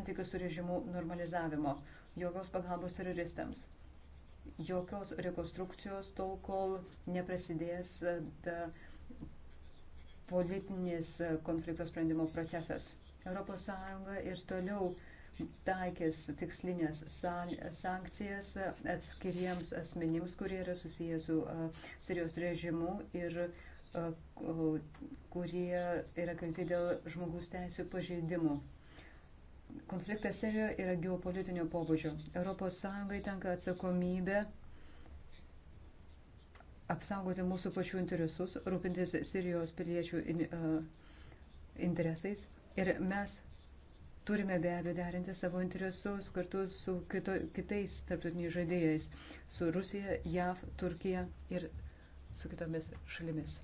santykių su režimu normalizavimo, jokios pagalbos teroristams, jokios rekonstrukcijos tol, kol neprasidės e, politinis e, konflikto sprendimo procesas. ES ir toliau taikės tikslinės sankcijas atskiriems asmenims, kurie yra susijęs su e, Sirijos režimu ir kurie yra kalti dėl žmogus teisų pažeidimų konfliktas Sirijoje yra geopolitinio pobūdžio. ES tenka atsakomybė apsaugoti mūsų pačių interesus, rūpintis Sirijos piliečių in, uh, interesais. Ir mes turime be abejo derinti savo interesus kartu su kito, kitais tarptautiniais žaidėjais - su Rusija, JAV, Turkija ir su kitomis šalimis.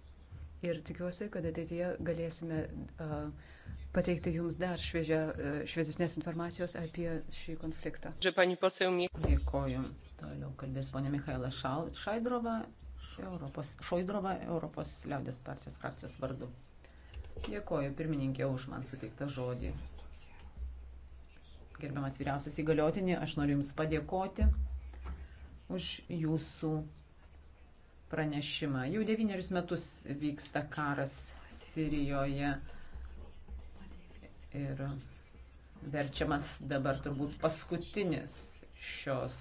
Ir tikiuosi, kad ateityje galėsime uh, pateikti jums dar šviežia, e, šviesesnės informacijos apie šį konfliktą. Dėkoju. Toliau kalbės ponė Mikhaila Šaidrova, Europos, Šoidrova, Europos liaudės partijos frakcijos vardu. Dėkoju pirmininkė už man suteiktą žodį. Gerbiamas vyriausias įgaliotinį, aš noriu Jums padėkoti už Jūsų pranešimą. Jau devynerius metus vyksta karas Sirijoje ir verčiamas dabar turbūt paskutinis šios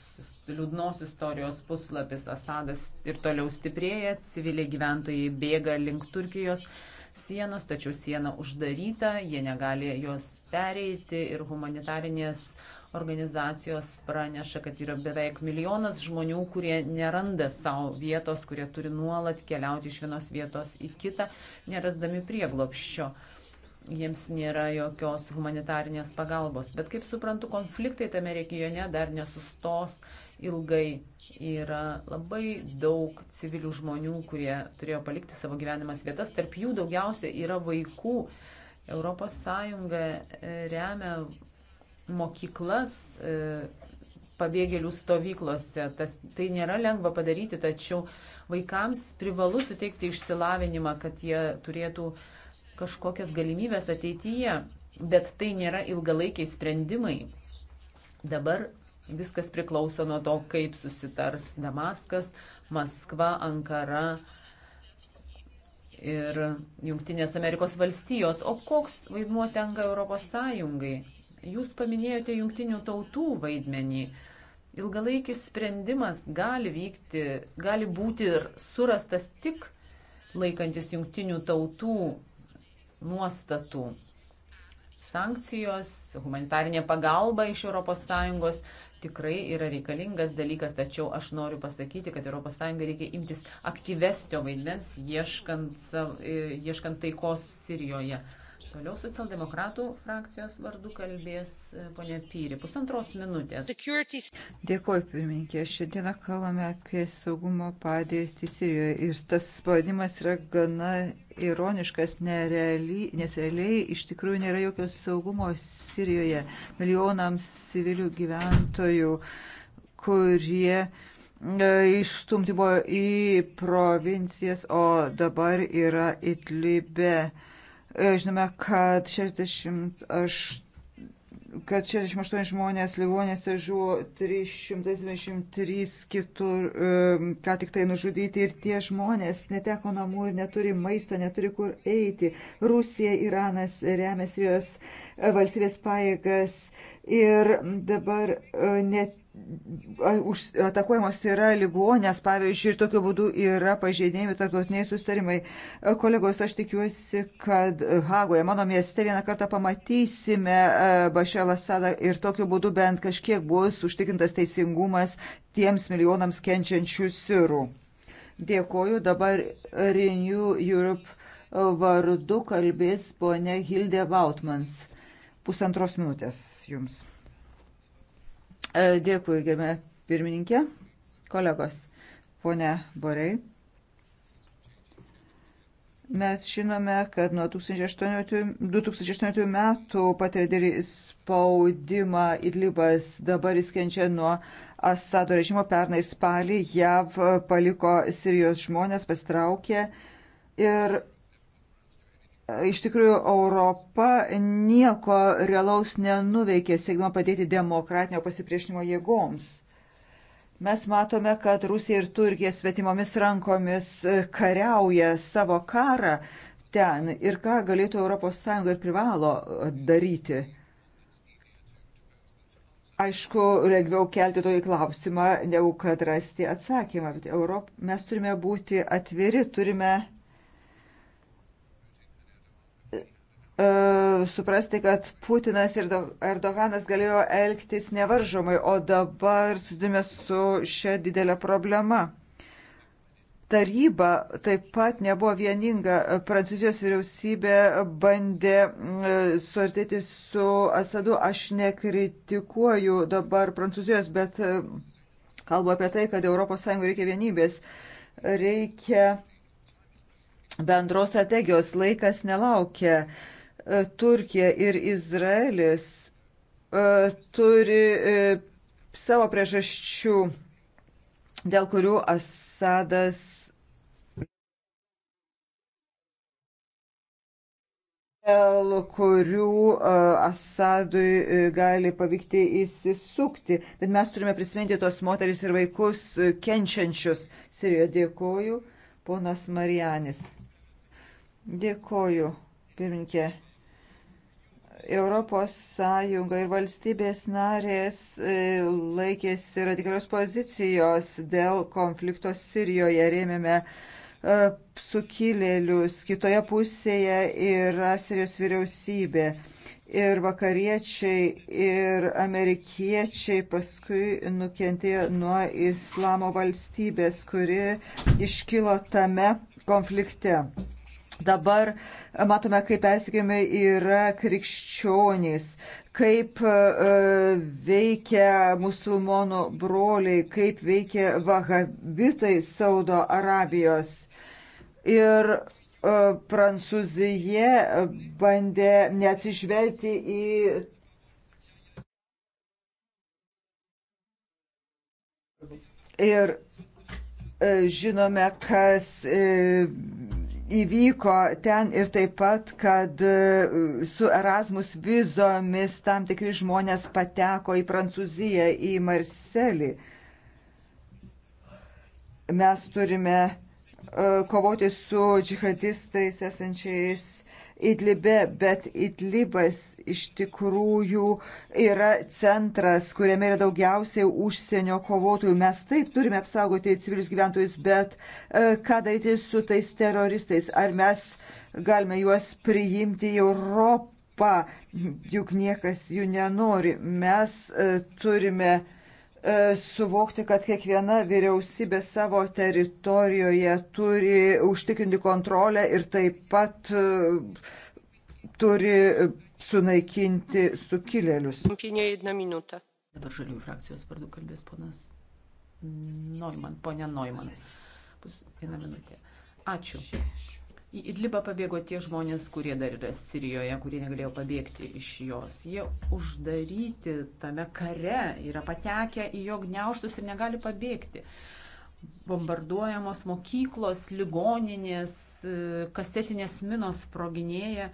liūdnos istorijos puslapis. Asadas ir toliau stiprėja, civiliai gyventojai bėga link Turkijos sienos, tačiau siena uždaryta, jie negali jos pereiti ir humanitarinės organizacijos praneša, kad yra beveik milijonas žmonių, kurie neranda savo vietos, kurie turi nuolat keliauti iš vienos vietos į kitą, nerasdami prieglopščio. Uh, jiems nėra jokios humanitarinės pagalbos. Bet kaip suprantu, konfliktai tame regione dar nesustos ilgai. Yra labai daug civilių žmonių, kurie turėjo palikti savo gyvenimas vietas, tarp jų daugiausia yra vaikų. ES e, remia mokyklas e, pabėgėlių stovyklose. Tas, tai nėra lengva padaryti, tačiau vaikams privalu suteikti išsilavinimą, kad jie turėtų uh, kažkokias galimybės ateityje, bet tai nėra ilgalaikiai sprendimai. Dabar viskas priklauso nuo to, kaip susitars Damaskas, Maskva, Ankara ir Junktinės Amerikos valstijos. O koks vaidmuo tenka Europos Sąjungai? Jūs paminėjote Junktinių tautų vaidmenį ilgalaikis sprendimas gali vykti, gali būti surastas tik laikantis jungtinių tautų nuostatų. Sankcijos, humanitarinė pagalba iš ES tikrai yra reikalingas dalykas, tačiau aš noriu pasakyti, kad ES reikia imtis aktyvesnio vaidmens, ieškant, e, ieškant taikos Sirijoje. Toliau socialdemokratų frakcijos vardu kalbės e, ponė Pyri. Pusantros minutės. Dėkuoju, pirmininkė. Šiandieną kalbame apie saugumo padėtį Sirijoje ir tas spaudimas yra gana ironiškas, nereali, nes realiai iš tikrųjų nėra jokio saugumo Sirijoje milijonams civilių gyventojų, kurie e, išstumti buvo į provincijas, o dabar yra Itlibe. Žinome, kad 68 kad 68 žmonės ligonėse žuvo 323 kitur, ką tik tai nužudyti ir tie žmonės neteko namų ir neturi maisto, neturi kur eiti. Rusija, Iranas remia Sirijos valstybės pajėgas ir dabar e, net atakuojamos yra ligonės, pavyzdžiui, ir tokiu būdu yra pažeidėjami tarptautiniai sustarimai. Kolegos, aš tikiuosi, kad Hagoje, mano mieste, vieną kartą pamatysime Bašelą Sadą ir tokiu būdu bent kažkiek bus užtikrintas teisingumas tiems milijonams kenčiančių sirų. Dėkoju, dabar Renew Europe vardu kalbės ponė Hilde Vautmans. Pusantros minutės jums. E, dėkui, gėme pirmininkė, kolegos, ponė Borei. Mes žinome, kad nuo 2018, 2018 metų patirdėlį spaudimą Idlibas dabar įskenčia nuo Asado režimo. Pernai spalį JAV paliko Sirijos žmonės, pastraukė ir Iš tikrųjų, Europa nieko realaus nenuveikė, siekdama padėti demokratinio pasipriešinimo jėgoms. Mes matome, kad Rusija ir Turkija svetimomis rankomis e, kariauja savo karą ten ir ką galėtų ES ir privalo e, daryti. Aišku, lengviau kelti tokį klausimą, negu kad rasti atsakymą, bet Europ... mes turime būti atviri, turime E, suprasti, kad Putinas ir Erdoganas galėjo elgtis nevaržomai, o dabar susidurime su šia didelė problema. Taryba taip pat nebuvo vieninga. Prancūzijos vyriausybė bandė e, suartėti su Asadu. Aš nekritikuoju dabar Prancūzijos, bet e, kalbu apie tai, kad ES reikia vienybės. Reikia bendros strategijos. Laikas nelaukia. Uh, E, Turkija ir Izraelis e, turi e, savo priežasčių, dėl kurių Asadas dėl kurių Asadui gali pavykti įsisukti. Bet mes turime prisiminti tos moteris ir vaikus kenčiančius. Sirijoje dėkoju, ponas Marijanis. Dėkoju, pirminkė. Europos Sąjunga ir valstybės narės e, laikėsi radikalios pozicijos dėl konflikto Sirijoje, rėmėme e, sukilėlius, kitoje pusėje yra Sirijos vyriausybė. Ir vakariečiai, ir amerikiečiai paskui nukentėjo nuo islamo valstybės, kuri iškilo tame konflikte. Dabar matome, kaip persikėjami yra krikščionys, kaip e, veikia musulmonų broliai, kaip veikia vahabitai Saudo Arabijos. Ir e, Prancūzija bandė neatsižvelgti į ir e, žinome, kas įvyko ten ir taip pat, kad e, su Erasmus vizomis tam tikri žmonės pateko į Prancūziją, į Marselį. Mes turime e, kovoti su džihadistais esančiais Idlibe, bet Idlibas iš tikrųjų yra centras, kuriame yra daugiausiai užsienio kovotojų. Mes taip turime apsaugoti civilius gyventojus, bet e, ką daryti su tais teroristais? Ar mes galime juos priimti į Europą? Juk niekas jų nenori. Mes e, turime uh, E, suvokti, kad kiekviena vyriausybė savo teritorijoje turi užtikrinti kontrolę ir taip pat e, turi sunaikinti sukilėlius. Dabar žaliųjų frakcijos vardu kalbės ponas Neumann, ponia Neumann. Pus vieną minutę. Ačiū. Į Idlibą pabėgo tie žmonės, kurie dar yra Sirijoje, kurie negalėjo pabėgti iš jos. Jie uždaryti tame kare yra patekę į jo gneuštus ir negali pabėgti. Bombarduojamos mokyklos, ligoninės, e, kasetinės minos sproginėja.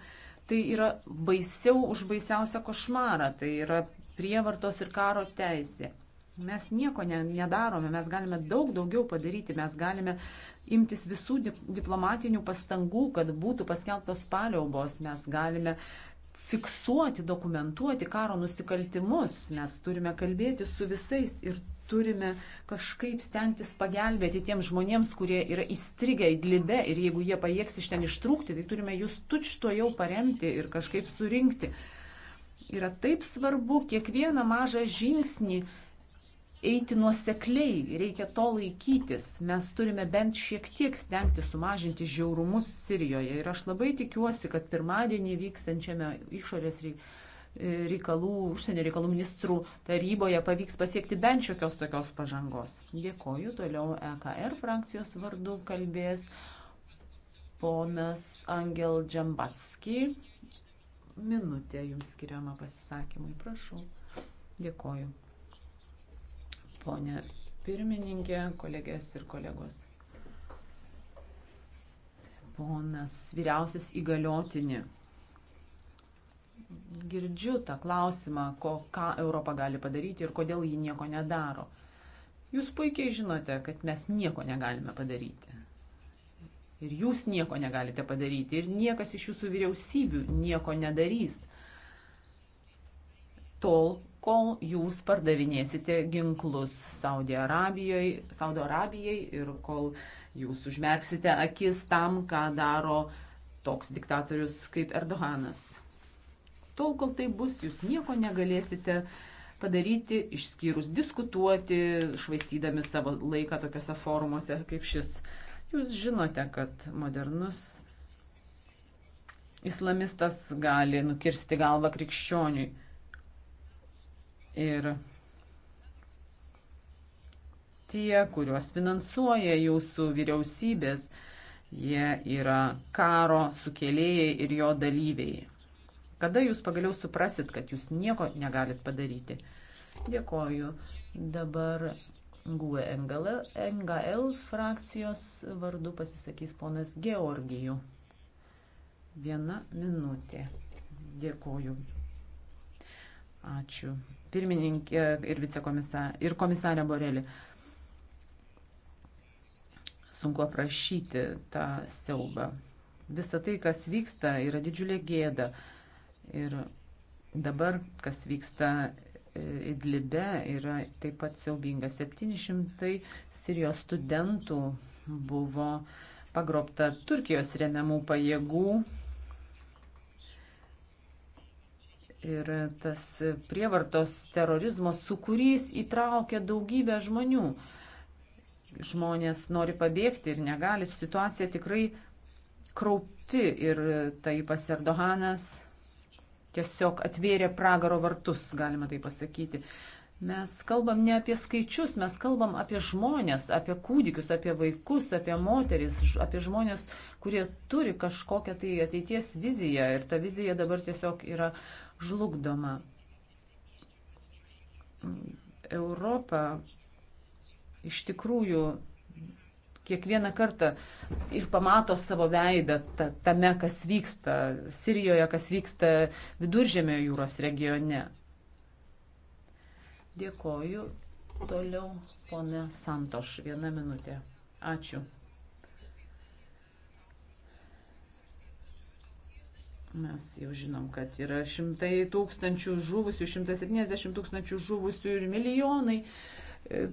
Tai yra baisiau už baisiausią košmarą. Tai yra prievartos ir karo teisė. Mes nieko ne, nedarome, mes galime daug daugiau padaryti, mes galime imtis visų dip, diplomatinių pastangų, kad būtų paskelbtos paliaubos, mes galime fiksuoti, dokumentuoti karo nusikaltimus, mes turime kalbėti su visais ir turime kažkaip stengtis pagelbėti tiems žmonėms, kurie yra įstrigę į glibę ir jeigu jie pajėgs iš ten ištrūkti, tai turime jūs tučto jau paremti ir kažkaip surinkti. Yra taip svarbu kiekvieną mažą žingsnį eiti nuosekliai, reikia to laikytis. Mes turime bent šiek tiek stengti sumažinti žiaurumus Sirijoje. Ir aš labai tikiuosi, kad pirmadienį vyksančiame išorės reikalų, užsienio reikalų ministrų taryboje pavyks pasiekti bent šiokios tokios pažangos. Dėkoju. Toliau EKR frakcijos vardu kalbės ponas Angel Džambatski. Minutė jums skiriama pasisakymui, prašau. Dėkoju ponė pirmininkė, kolegės ir kolegos. Ponas vyriausias įgaliotinį. Girdžiu tą klausimą, ko, ką Europa gali padaryti ir kodėl ji nieko nedaro. Jūs puikiai žinote, kad mes nieko negalime padaryti. Ir jūs nieko negalite padaryti. Ir niekas iš jūsų vyriausybių nieko nedarys. Tol, kol jūs pardavinėsite ginklus Saudo Arabijai ir kol jūs užmerksite akis tam, ką daro toks diktatorius kaip Erdoganas. Tol, kol tai bus, jūs nieko negalėsite padaryti, išskyrus diskutuoti, švaistydami savo laiką tokiuose forumuose kaip šis. Jūs žinote, kad modernus islamistas gali nukirsti galvą krikščioniui. Ir tie, kuriuos finansuoja jūsų vyriausybės, jie yra karo sukėlėjai ir jo dalyviai. Kada jūs pagaliau suprasit, kad jūs nieko negalit padaryti? Dėkoju. Dabar GUE NGL frakcijos vardu pasisakys ponas Georgijų. Viena minutė. Dėkoju. Ačiū pirmininkė ir vicekomisarė ir komisarė Borelį. Sunku aprašyti tą siaubą. Visa tai, kas vyksta, yra didžiulė gėda. Ir dabar, kas vyksta e, Idlibe, yra taip pat siaubinga. 700 Sirijos studentų buvo pagrobta Turkijos remiamų pajėgų Ir tas prievartos terorizmo sukūrys įtraukia daugybę žmonių. Žmonės nori pabėgti ir negali. Situacija tikrai kraupi ir Taipas Erdoganas tiesiog atvėrė pragaro vartus, galima tai pasakyti. Mes kalbam ne apie skaičius, mes kalbam apie žmonės, apie kūdikius, apie vaikus, apie moteris, apie žmonės, kurie turi kažkokią tai ateities viziją ir ta vizija dabar tiesiog yra žlugdoma. Europa iš tikrųjų kiekvieną kartą ir pamato savo veidą ta, tame, kas vyksta Sirijoje, kas vyksta Viduržėmio jūros regione. Dėkoju. Toliau ponė Santoš, viena minutė. Ačiū. Mes jau žinom, kad yra šimtai tūkstančių žuvusių, 170 tūkstančių žuvusių ir milijonai e,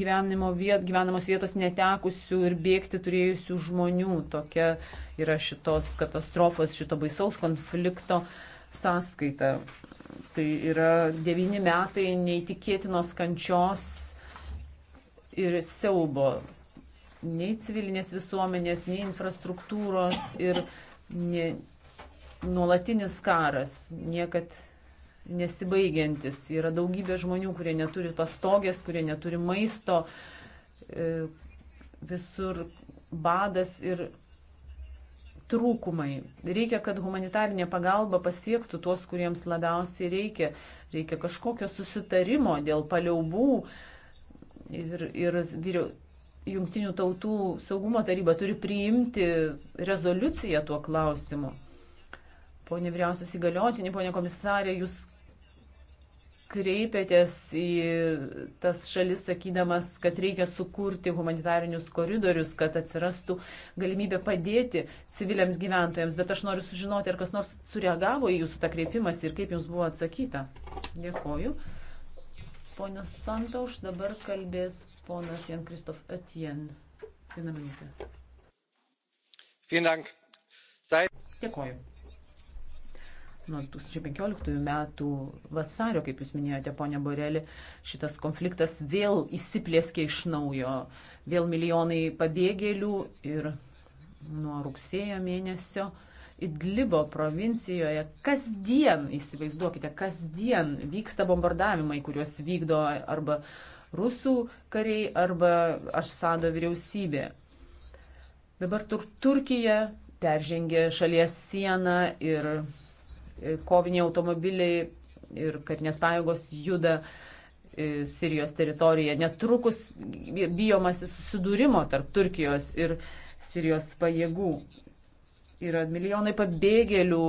gyvenimo viet, gyvenamos vietos netekusių ir bėgti turėjusių žmonių. Tokia yra šitos katastrofos, šito baisaus konflikto sąskaita. Tai yra devyni metai neįtikėtinos kančios ir siaubo. Nei civilinės visuomenės, nei infrastruktūros ir ne, nuolatinis karas, niekad nesibaigiantis. Yra daugybė žmonių, kurie neturi pastogės, kurie neturi maisto, e, visur badas ir trūkumai. Reikia, kad humanitarinė pagalba pasiektų tuos, kuriems labiausiai reikia. Reikia kažkokio susitarimo dėl paliaubų ir, ir vyriau. Jungtinių tautų saugumo taryba turi priimti rezoliuciją tuo klausimu. Pone vyriausias įgaliotinį, pone komisarė, jūs kreipėtės į tas šalis, sakydamas, kad reikia sukurti humanitarinius koridorius, kad atsirastų galimybė padėti civiliams gyventojams. Bet aš noriu sužinoti, ar kas nors sureagavo į jūsų tą kreipimąsi ir kaip jums buvo atsakyta. Dėkoju. Ponas Santauš, dabar kalbės ponas Jan Kristof Etien. Vieną minutę. Dėkoju nuo 2015 metų vasario, kaip jūs minėjote, ponia Borelė, šitas konfliktas vėl įsiplėskė iš naujo, vėl milijonai pabėgėlių ir nuo rugsėjo mėnesio Idlibo provincijoje kasdien, įsivaizduokite, kasdien vyksta bombardavimai, kuriuos vykdo arba rusų kariai, arba Ašsado vyriausybė. Dabar tur Turkija peržengė šalies sieną ir E, koviniai automobiliai ir karinės pajėgos juda e, Sirijos teritoriją. Netrukus bijomasi susidūrimo tarp Turkijos ir Sirijos pajėgų. Yra milijonai pabėgėlių,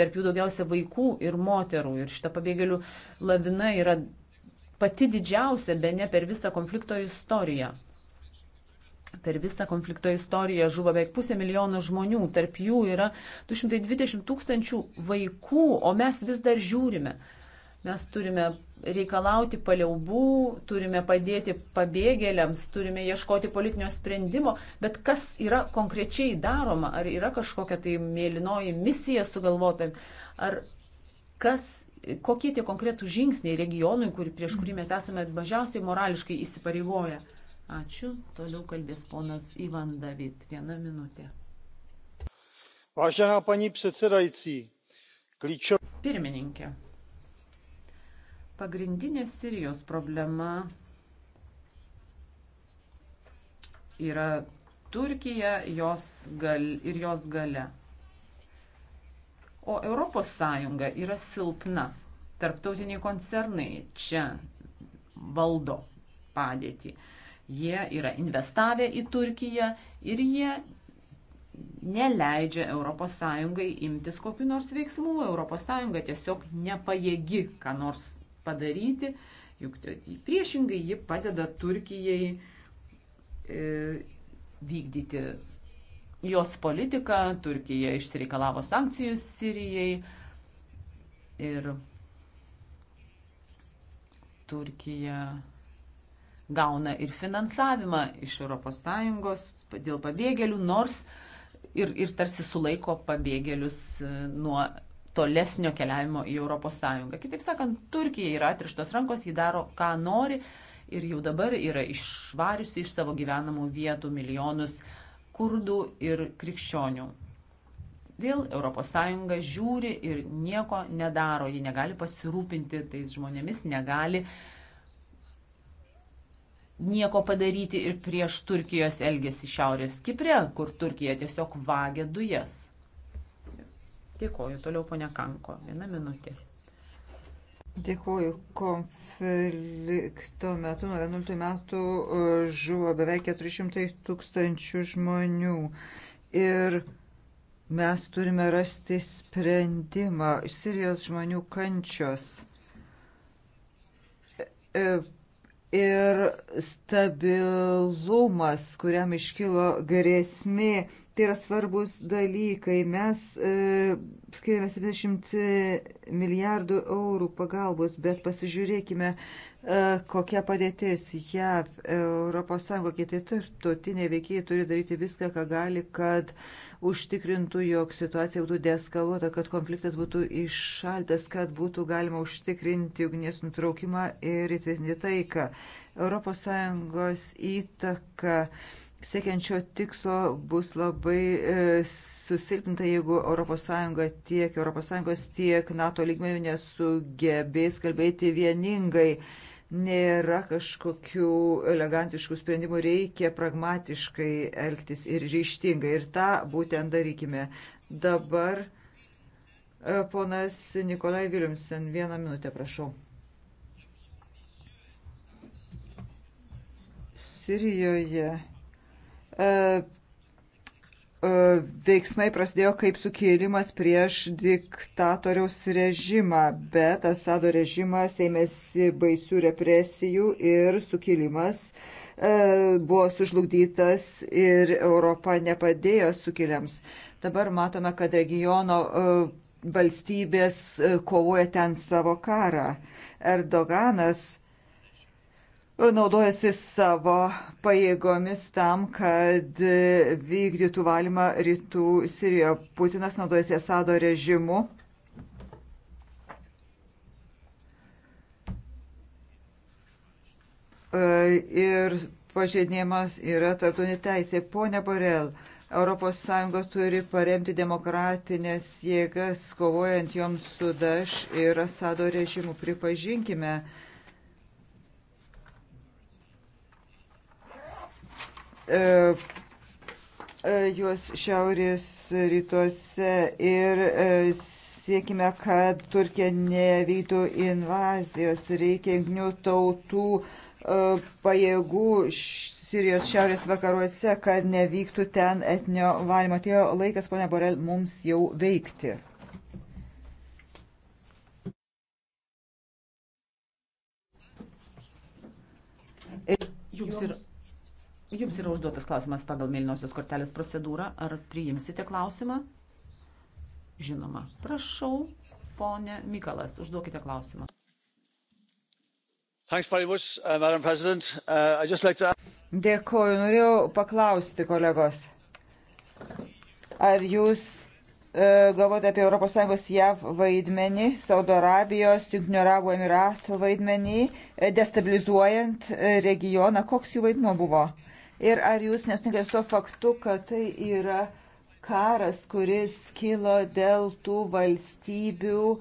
tarp jų daugiausia vaikų ir moterų. Ir šita pabėgėlių lavina yra pati didžiausia be ne per visą konflikto istoriją. Per visą konflikto istoriją žuvo beveik pusė milijono žmonių, tarp jų yra 220 tūkstančių vaikų, o mes vis dar žiūrime. Mes turime reikalauti paliaubų, turime padėti pabėgėliams, turime ieškoti politinio sprendimo, bet kas yra konkrečiai daroma, ar yra kažkokia tai mėlynoji misija sugalvota, ar kas kokie tie konkretūs žingsniai regionui, kur, prieš kurį mes esame mažiausiai morališkai įsipareigoję. Ačiū. Toliau kalbės ponas Ivan David. Vieną minutę. Vážená paní předsedající, klíčov... Pirmininkė. Pagrindinė Sirijos problema yra Turkija jos gal, ir jos gale. O Europos Sąjunga yra silpna. Tarptautiniai koncernai čia valdo padėtį. Jie yra investavę į Turkiją ir jie neleidžia ES imtis kokiu nors veiksmu. ES tiesiog nepajėgi ką nors padaryti, juk priešingai ji padeda Turkijai e, vykdyti jos politiką. Turkija išsireikalavo sankcijų Sirijai ir Turkija gauna ir finansavimą iš ES dėl pabėgėlių, nors ir, ir tarsi sulaiko pabėgėlius e, nuo tolesnio keliavimo į ES. Kitaip sakant, Turkija yra atrištos rankos, ji daro, ką nori ir jau dabar yra išvariusi iš savo gyvenamų vietų milijonus kurdų ir krikščionių. Vėl ES žiūri ir nieko nedaro, ji negali pasirūpinti tais žmonėmis, negali uh, nieko padaryti ir prieš Turkijos elgesį Šiaurės Kiprė, kur Turkija tiesiog vagia dujas. Dėkoju. Toliau ponia Kanko. Viena minutė. Dėkoju. Konflikto metu nuo 11 metų e, žuvo beveik 400 tūkstančių žmonių. Ir mes turime rasti sprendimą. Sirijos žmonių kančios e, ir stabilumas, kuriam iškilo grėsmė. Tai yra svarbus dalykai. Mes e, skiriame 70 milijardų eurų pagalbos, bet pasižiūrėkime, e, kokia padėtis JAV, ES, kiti tarptautiniai veikiai turi daryti viską, ką gali, kad e, užtikrintų, jog situacija būtų deskaluota, kad konfliktas būtų iššaltas, kad būtų galima užtikrinti ugnies nutraukimą ir įtvirtinti taiką. ES įtaka siekiančio tikslo bus labai e, susilpninta, jeigu ES tiek ES tiek NATO lygmenių nesugebės kalbėti vieningai nėra kažkokių elegantiškų sprendimų, reikia pragmatiškai elgtis ir ryštingai. Ir tą būtent darykime. Dabar e, ponas Nikolai Viljumsen, vieną minutę prašau. Sirijoje e, E, veiksmai prasidėjo kaip sukėlimas prieš diktatoriaus režimą, bet Asado režimas ėmėsi baisių represijų ir sukėlimas e, buvo sužlugdytas ir Europa nepadėjo sukėliams. Dabar matome, kad regiono e, valstybės kovoja ten savo karą. Erdoganas naudojasi savo pajėgomis tam, kad vykdytų valymą rytų Sirijoje. Putinas naudojasi Asado režimu. E, ir pažeidinėjimas yra tarptautinė teisė. Pone Borel, ES turi paremti demokratinės jėgas, kovojant joms su Daš ir Asado režimu. Pripažinkime, uh, E, e, juos šiaurės rytuose ir e, siekime, kad Turkija nevytų invazijos. Reikia jungtinių tautų pajėgų Sirijos šiaurės vakaruose, kad nevyktų ten etnio valymo. Atėjo laikas, ponia Borel, mums jau veikti. Jums ir Jums yra užduotas klausimas pagal mėlynosios kortelės procedūrą. Ar priimsite klausimą? Žinoma. Prašau, ponė Mikalas, užduokite klausimą. Much, uh, uh, like to... Dėkoju, norėjau paklausti kolegos. Ar jūs uh, galvote apie ES JAV vaidmenį, Saudo Arabijos, Junktinio Arabų Emiratų vaidmenį, e, destabilizuojant e, regioną? Koks jų vaidmo buvo? Ir ar jūs nesutinkate su to faktu, kad tai yra karas, kuris kilo dėl tų valstybių e,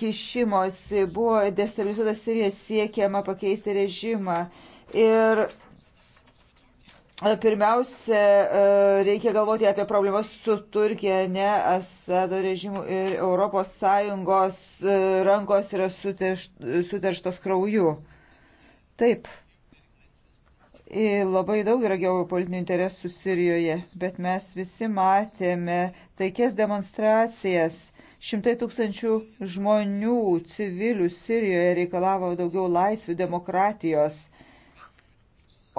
kišimosi, buvo destabilizuota Sirija siekiama pakeisti režimą. Ir e, Pirmiausia, e, reikia galvoti apie problemas su Turkija, ne Asado režimu ir ES e, rankos yra suterštos krauju. Taip, Labai daug yra geopolitinių interesų Sirijoje, bet mes visi matėme taikės demonstracijas. Šimtai tūkstančių žmonių, civilių Sirijoje reikalavo daugiau laisvių, demokratijos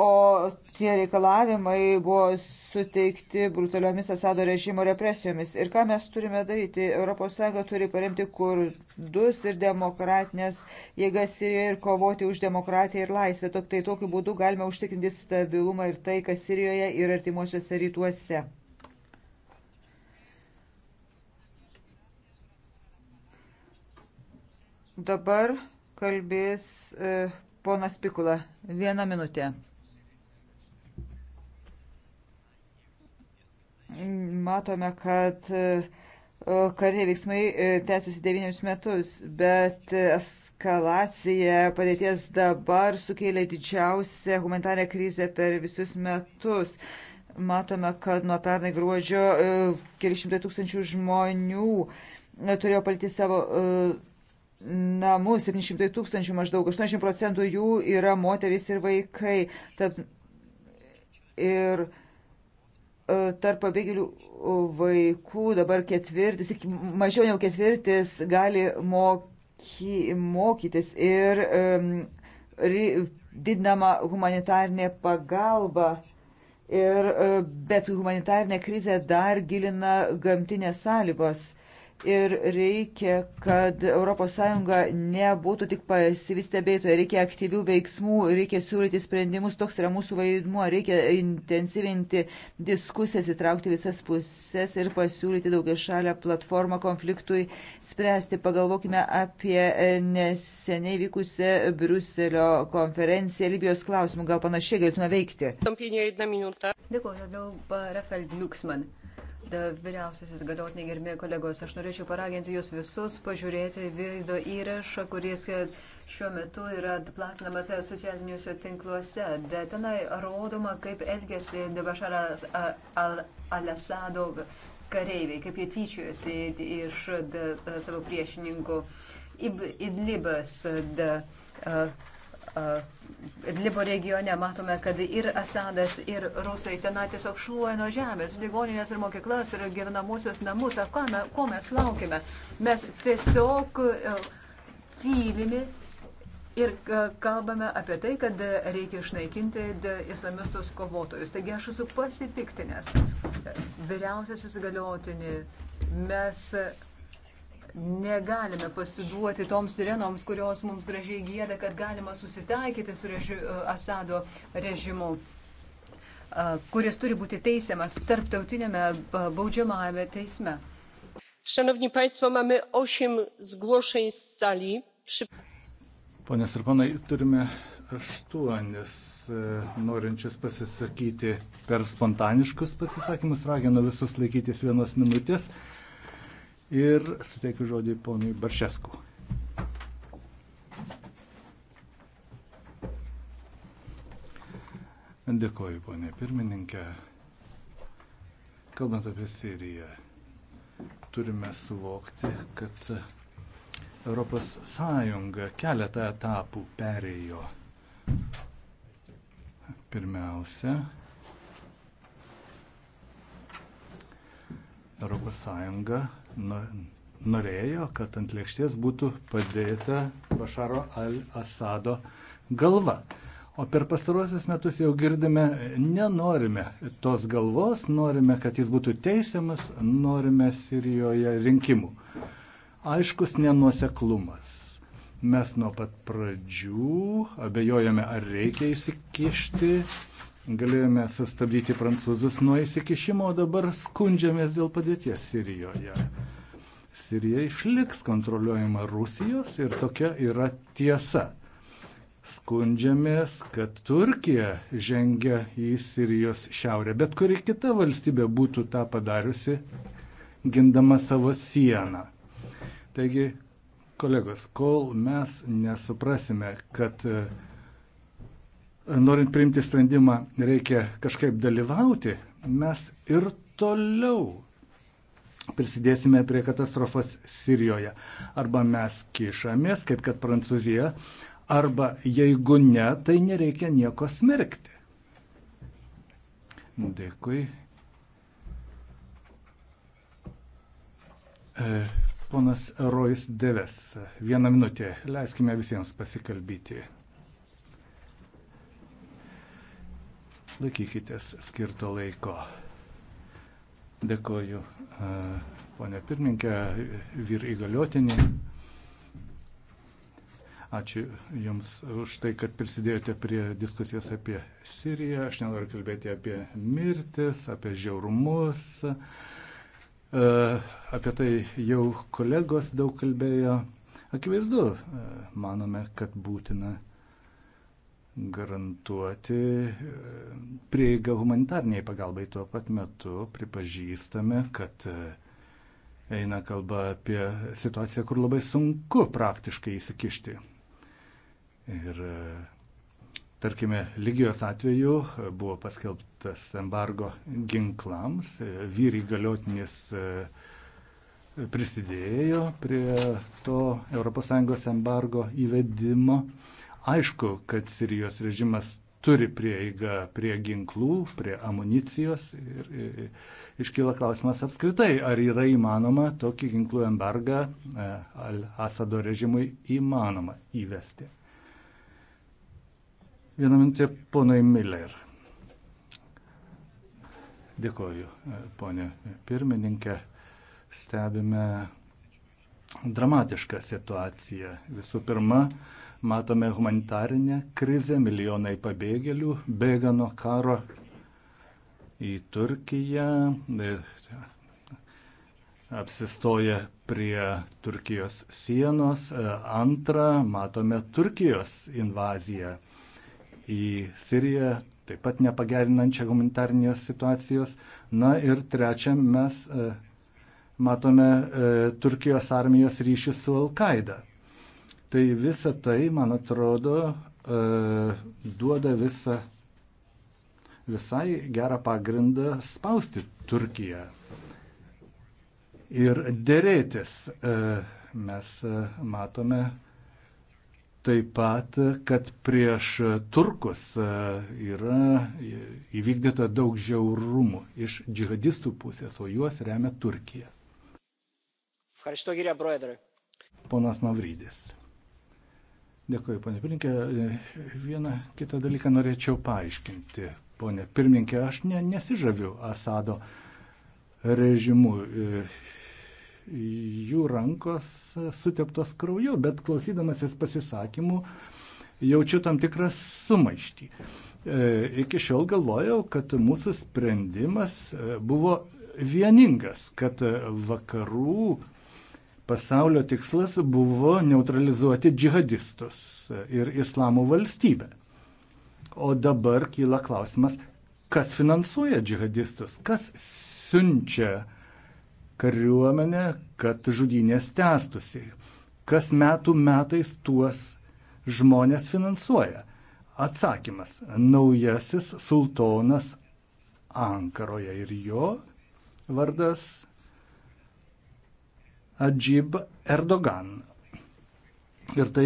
o tie reikalavimai buvo suteikti brutaliomis Asado režimo represijomis. Ir ką mes turime daryti? ES turi paremti kurdus ir demokratinės jėgas Sirijoje ir kovoti už demokratiją ir laisvę. Tok tai tokiu būdu galime užtikrinti stabilumą ir taiką Sirijoje ir artimuosiuose rytuose. Dabar kalbės e, ponas Pikula. Vieną minutę. matome, kad e, kariniai veiksmai e, tęsiasi devynius metus, bet e, eskalacija padėties dabar sukėlė didžiausią humanitarinę krizę per visus metus. Matome, kad nuo pernai gruodžio keli šimtai tūkstančių žmonių turėjo palikti savo namus, 700 tūkstančių maždaug, 80 procentų jų yra moteris ir vaikai. Tad ir tarp pabėgėlių vaikų dabar ketvirtis, mažiau negu ketvirtis gali moky, mokytis ir um, didinama humanitarnė pagalba. Ir, e, bet humanitarnė krizė dar gilina gamtinės sąlygos ir reikia, kad ES nebūtų tik pasivis stebėtoja, reikia aktyvių veiksmų, reikia siūlyti sprendimus, toks yra mūsų vaidmuo, reikia intensyvinti diskusijas, įtraukti visas pusės ir pasiūlyti daugia šalia platformą konfliktui spręsti. Pagalvokime apie neseniai vykusią Briuselio konferenciją Libijos klausimų, gal panašiai galėtume veikti. Dėkuoju, Rafael Glucksmann vyriausiasis galiotinė gerbė kolegos. Aš norėčiau paraginti jūs visus pažiūrėti vaizdo įrašą, kuris šiuo metu yra platinamas socialiniuose tinkluose. De tenai rodoma, kaip elgesi Bašaras al-Assado al al kareiviai, kaip jie tyčiojasi iš de, savo priešininkų. Idlibas. Ib, Libo regione matome, kad ir Asadas, ir rusai ten tiesiog šluoja nuo žemės, ligoninės ir mokyklas, ir gyvenamosios namus. Ar ko, me, ko mes laukime? Mes tiesiog e, tylime ir e, kalbame apie tai, kad reikia išnaikinti islamistus kovotojus. Taigi aš esu pasipiktinęs. Vyriausiasis galiotinį mes Negalime pasiduoti toms sirenoms, kurios mums gražiai gėda, kad galima susitaikyti su reži e, Asado režimu e, kuris turi būti teisiamas tarptautinėme e, baudžiamajame teisme. Szanowni Państwo, mamy 8 zgłoszeń z sali. Przy... Ponios ir panai, turime aštuonis norinčius pasisakyti per spontaniškus pasisakymus. Raginu visus laikytis vienos minutės ir suteikiu žodį ponui Baršesku. Dėkoju, ponė pirmininkė. Kalbant apie Siriją, turime suvokti, kad ES keletą etapų perėjo. Pirmiausia, ES norėjo, kad ant lėkštės būtų padėta Bašaro al-Asado galva. O per pastarosius metus jau girdime, nenorime tos galvos, norime, kad jis būtų teisiamas, norime Sirijoje rinkimų. Aiškus nenuoseklumas. Mes nuo pat pradžių abejojame, ar reikia įsikišti Galėjome sustabdyti prancūzus nuo įsikišimo, o dabar skundžiamės dėl padėties Sirijoje. Sirija išliks kontroliuojama Rusijos ir tokia yra tiesa. Skundžiamės, kad Turkija žengia į Sirijos šiaurę, bet kuri kita valstybė būtų tą padariusi, gindama savo sieną. Taigi, kolegos, kol mes nesuprasime, kad uh, norint priimti sprendimą, reikia kažkaip dalyvauti, mes ir toliau prisidėsime prie katastrofos Sirijoje. Arba mes kišamės, kaip kad Prancūzija, arba jeigu ne, tai nereikia nieko smerkti. Dėkui. E, ponas Rojas Deves, vieną minutę, leiskime visiems pasikalbėti. laikykitės skirto laiko. Dėkoju, ponė pirmininkė, vyr įgaliotinį. Ačiū Jums už tai, kad prisidėjote prie diskusijos apie Siriją. Aš nenoriu kalbėti apie mirtis, apie žiaurumus. Apie tai jau kolegos daug kalbėjo. Akivaizdu, manome, kad būtina garantuoti e, prieigą humanitarniai pagalbai. Tuo pat metu pripažįstame, kad e, eina kalba apie situaciją, kur labai sunku praktiškai įsikišti. Ir e, tarkime, Ligijos atveju buvo paskelbtas embargo ginklams, vyrai galiotinis prisidėjo prie to ES embargo įvedimo Aišku, kad Sirijos režimas turi prieigą prie ginklų, prie amunicijos ir, ir, ir iškyla klausimas apskritai, ar yra įmanoma tokį ginklų embargą e, Al-Asado režimui įmanoma įvesti. Vieną minutę ponui Miller. Dėkoju, e, ponė pirmininkė. Stebime dramatišką situaciją. Visų pirma, Matome humanitarinę krizę, milijonai pabėgėlių bėga nuo karo į Turkiją, e, apsistoja prie Turkijos sienos. E, antra, matome Turkijos invaziją į Siriją, taip pat nepagerinančią humanitarnės situacijos. Na ir trečia, mes e, matome Turkijos armijos ryšius su Al-Qaeda. Tai visa tai, man atrodo, e, duoda visą, visai gerą pagrindą spausti Turkiją ir dėrėtis. E, mes e, matome taip pat, kad prieš turkus yra įvykdyta daug žiaurumų iš džihadistų pusės, o juos remia Turkija. Ponas Mavrydis. Dėkuoju, ponė Pirinkė. Vieną kitą dalyką norėčiau paaiškinti. Pone Pirminkė, aš ne, nesižaviu Asado režimu. Jų rankos suteptos krauju, bet klausydamasis pasisakymų jaučiu tam tikrą sumaištį. Iki šiol galvojau, kad mūsų sprendimas buvo vieningas, kad vakarų pasaulio tikslas buvo neutralizuoti džihadistus ir islamo valstybę. O dabar kyla klausimas, kas finansuoja džihadistus, kas siunčia kariuomenę, kad žudynės tęstusi, kas metų metais tuos žmonės finansuoja. Atsakymas - naujasis sultonas Ankaroje ir jo vardas Adžib Erdogan. Ir tai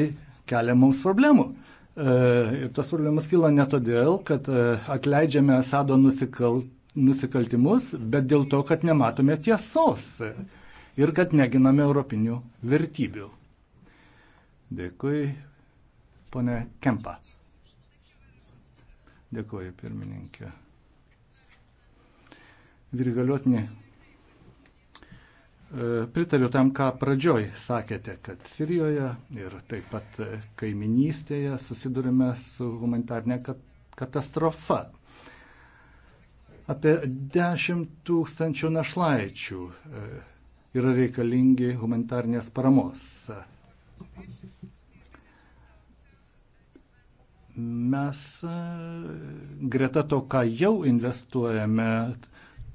kelia mums problemų. E, ir tas problemas kyla ne todėl, kad e, atleidžiame Asado nusikalt, nusikaltimus, bet dėl to, kad nematome tiesos ir kad neginame europinių vertybių. Dėkui, ponė Kempa. Dėkui, pirmininkė. Virgaliotinė E, pritariu tam, ką pradžioj sakėte, kad Sirijoje ir taip pat e, kaiminystėje susidurime su humanitarnė katastrofa. Apie 10 tūkstančių našlaičių e, yra reikalingi humanitarnės paramos. Mes greta to, ką jau investuojame,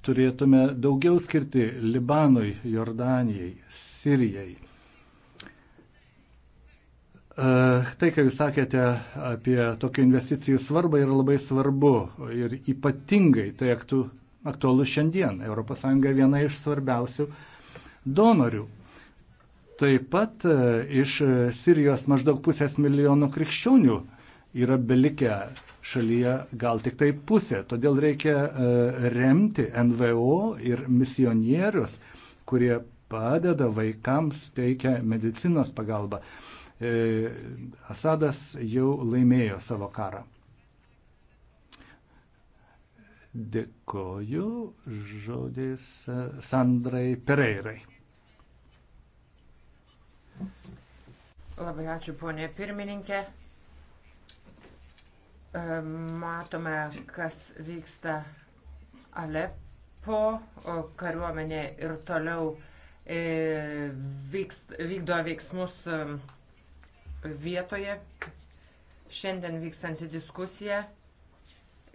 turėtume daugiau skirti Libanui, Jordanijai, Sirijai. E, tai, ką jūs sakėte apie tokių investicijų svarbą, yra labai svarbu ir ypatingai tai aktu, aktualu šiandien. ES viena iš svarbiausių donorių. Taip pat e, iš Sirijos maždaug pusės milijono krikščionių yra belikę šalyje gal tik tai pusė. Todėl reikia e, remti NVO ir misionierius, kurie padeda vaikams, teikia medicinos pagalbą. E, Asadas jau laimėjo savo karą. Dėkoju žodis e, Sandrai Pereirai. Labai ačiū, ponė pirmininkė. E, matome, kas vyksta Alepo, kariuomenė ir toliau e, vyks, vykdo veiksmus e, vietoje. Šiandien vykstanti diskusija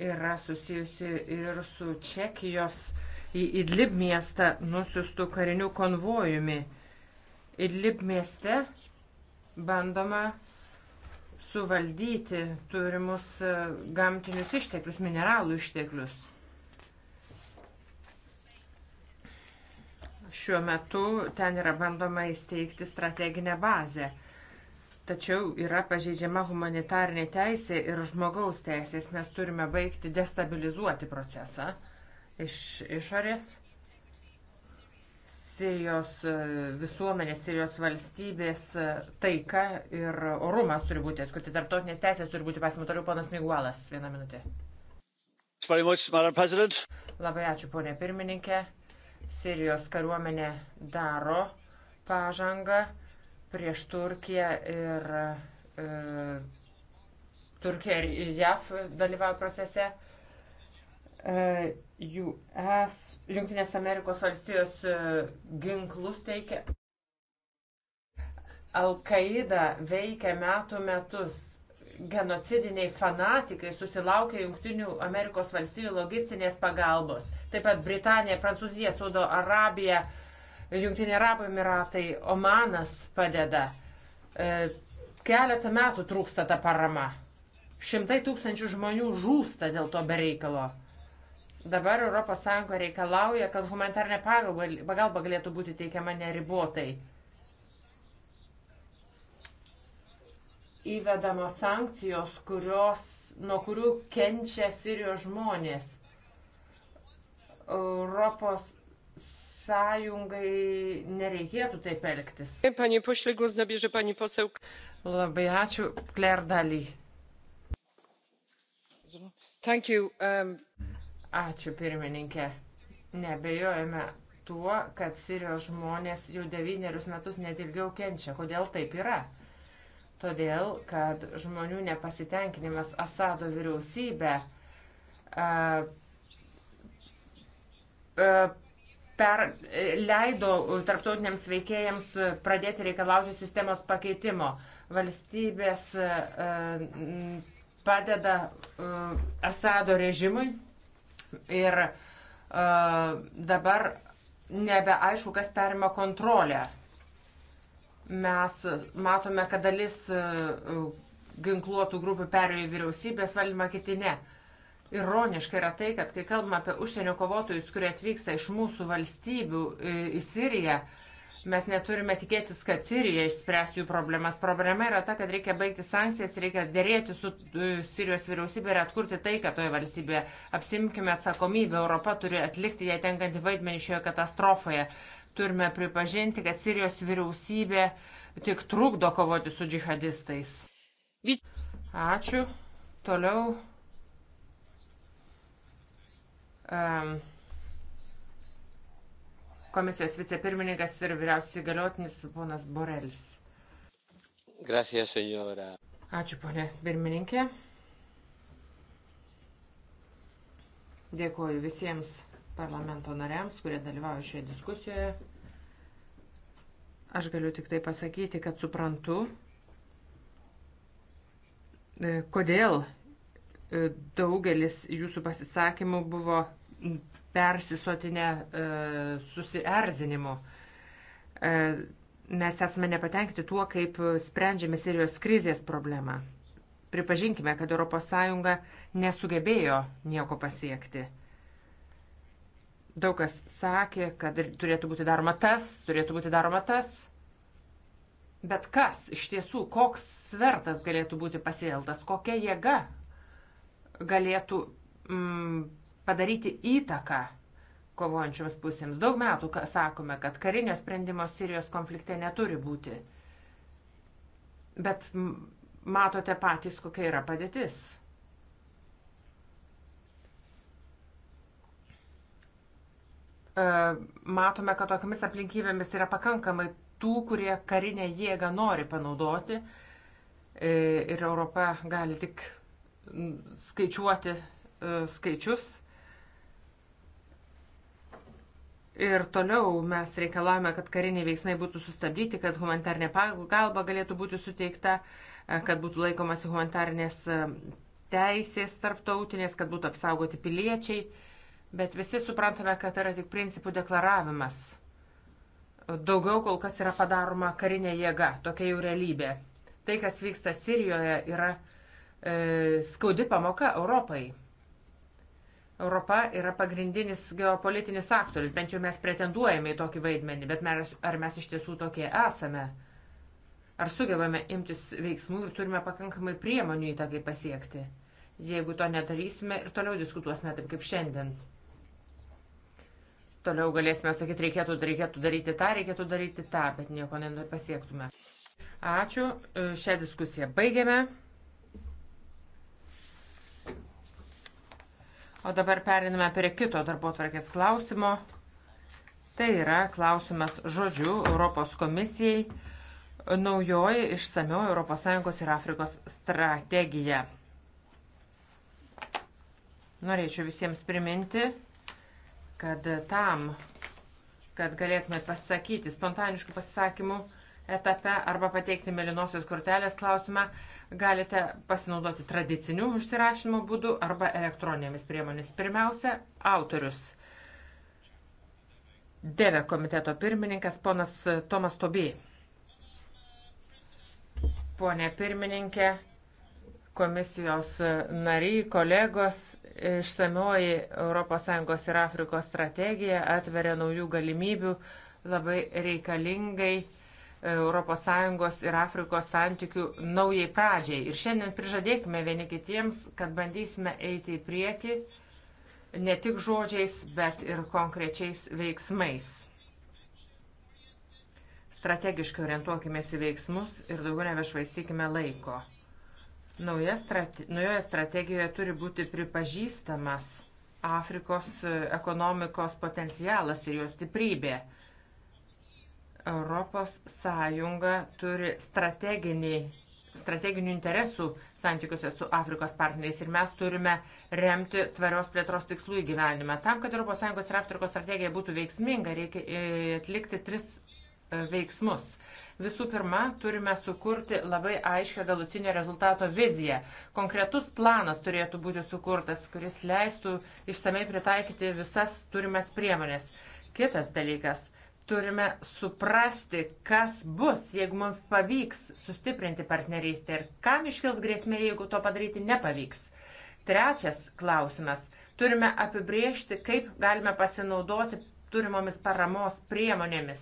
yra susijusi ir su Čekijos į Idlib miestą nusiustų karinių konvojumi. Idlib mieste bandoma suvaldyti turimus e, gamtinius išteklius, mineralų išteklius. Šiuo metu ten yra bandoma įsteigti strateginę bazę. Tačiau yra pažeidžiama humanitarinė teisė ir žmogaus teisės. Mes turime baigti destabilizuoti procesą iš išorės Sirijos e, visuomenės, Sirijos valstybės e, taika ir orumas turi būti atkurti, tarptautinės teisės turi būti pasimą toliau ponas Migualas. Vieną minutę. Labai ačiū, ponė pirmininkė. Sirijos kariuomenė daro pažangą prieš Turkiją ir e, Turkija ir JAF dalyvauja procese. E, US, Junktinės Amerikos valstijos e, ginklus teikia. Al-Qaida veikia metų metus. Genocidiniai fanatikai susilaukė Junktinių Amerikos valstijų logistinės pagalbos. Taip pat Britanija, Prancūzija, Saudo Arabija, Junktiniai Arabų Emiratai, Omanas padeda. E, keletą metų trūksta ta parama. Šimtai tūkstančių žmonių žūsta dėl to bereikalo. Dabar ES reikalauja, kad humanitarnė pagalba galėtų būti teikiama neribotai. Įvedamos sankcijos, kurios, nuo kurių kenčia Sirijos žmonės. Europos sąjungai nereikėtų taip elgtis. Panie pošlė, głos zabierze pani poseł. Labai ačiū, Kler Daly. Thank you. Um... Ačiū pirmininkė. Nebejojame tuo, kad Sirijos žmonės jau devynerius metus netilgiau kenčia. Kodėl taip yra? Todėl, kad žmonių nepasitenkinimas Asado vyriausybė a, a, per, leido tarptautiniams veikėjams pradėti reikalauti sistemos pakeitimo. Valstybės a, padeda Asado režimui Ir e, dabar nebeaišku, kas perima kontrolę. Mes matome, kad dalis e, ginkluotų grupių perėjo į vyriausybės valdymą, kiti ne. Ironiška yra tai, kad kai kalbame apie užsienio kovotojus, kurie atvyksta iš mūsų valstybių e, į Siriją, e, Mes neturime tikėtis, kad Sirija išspręs jų problemas. Problema yra ta, kad reikia baigti sankcijas, reikia dėrėti su e, Sirijos vyriausybė ir atkurti taiką toje valstybėje. Apsimkime atsakomybę, Europa turi atlikti ją tenkantį vaidmenį šioje katastrofoje. Turime pripažinti, kad Sirijos vyriausybė tik trukdo kovoti su džihadistais. Ačiū. Toliau. Um komisijos vicepirmininkas ir vyriausias įgaliotinis ponas Borelis. Gracias, senora. Ačiū, ponė pirmininkė. Dėkuoju visiems parlamento nariams, kurie dalyvauja šioje diskusijoje. Aš galiu tik tai pasakyti, kad suprantu, e, kodėl e, daugelis jūsų pasisakymų buvo persisotinę e, susierzinimu. E, mes esame nepatenkti tuo, kaip sprendžiame Sirijos krizės problemą. Pripažinkime, kad ES nesugebėjo nieko pasiekti. Daug kas sakė, kad turėtų būti daroma tas, turėtų būti daroma tas. Bet kas iš tiesų, koks svertas galėtų būti pasieltas, kokia jėga galėtų mm, padaryti įtaką kovojančioms pusėms. Daug metų sakome, kad karinio sprendimo Sirijos konflikte neturi būti. Bet matote patys, kokia yra padėtis. E, matome, kad tokiamis aplinkybėmis yra pakankamai tų, kurie karinę jėgą nori panaudoti e, ir Europa gali tik skaičiuoti e, skaičius Ir toliau mes reikalavome, kad kariniai veiksmai būtų sustabdyti, kad humanitarnė pagalba galėtų būti suteikta, e, kad būtų laikomasi humanitarnės e, teisės tarptautinės, kad būtų apsaugoti piliečiai. Bet visi suprantame, kad yra tik principų deklaravimas. Daugiau kol kas yra padaroma karinė jėga, tokia jau realybė. Tai, kas vyksta Sirijoje, yra e, skaudi pamoka Europai. Europa yra pagrindinis geopolitinis aktorius, bent jau mes pretenduojame į tokį vaidmenį, bet mes, ar mes iš tiesų tokie esame? Ar sugebame imtis veiksmų ir turime pakankamai priemonių įtakai pasiekti? Jeigu to nedarysime ir toliau diskutuosime taip kaip šiandien. Toliau galėsime sakyti, reikėtų, reikėtų daryti tą, reikėtų daryti tą, bet nieko nepasiektume. Ačiū, šią diskusiją baigiame. O dabar periname prie kito darbo tvarkės klausimo. Tai yra klausimas žodžių Europos komisijai naujoji išsameu ES ir Afrikos strategija. Norėčiau visiems priminti, kad tam, kad galėtumėt pasisakyti spontaniškų pasisakymų, etape arba pateikti mėlynosios kortelės klausimą, galite pasinaudoti tradiciniu užsirašymo būdu arba elektroninėmis priemonėmis. Pirmiausia, autorius. Deve komiteto pirmininkas ponas Tomas Tobijai. Pone pirmininkė, komisijos nariai, kolegos, išsamioji ES ir Afrikos strategija atveria naujų galimybių labai reikalingai ES ir Afrikos santykių naujai pradžiai. Ir šiandien prižadėkime vieni kitiems, kad bandysime eiti į priekį ne tik žodžiais, bet ir konkrečiais veiksmais. Strategiškai orientuokime į veiksmus ir daugiau nebešvaistykime laiko. Nauja strate, naujoje strategijoje turi būti pripažįstamas Afrikos e, ekonomikos potencialas ir jos stiprybė Europos Sąjunga turi strateginį, strateginių interesų santykiuose su Afrikos partneriais ir mes turime remti tvarios plėtros tikslų įgyvenimą. Tam, kad Europos Sąjungos ir Afrikos strategija būtų veiksminga, reikia e, atlikti tris e, veiksmus. Visų pirma, turime sukurti labai aiškę galutinio rezultato viziją. Konkretus planas turėtų būti sukurtas, kuris leistų išsamei pritaikyti visas turimas priemonės. Kitas dalykas turime suprasti, kas bus, jeigu mums pavyks sustiprinti partnerystę ir kam iškils grėsmė, jeigu to padaryti nepavyks. Trečias klausimas. Turime apibriežti, kaip galime pasinaudoti turimomis paramos priemonėmis.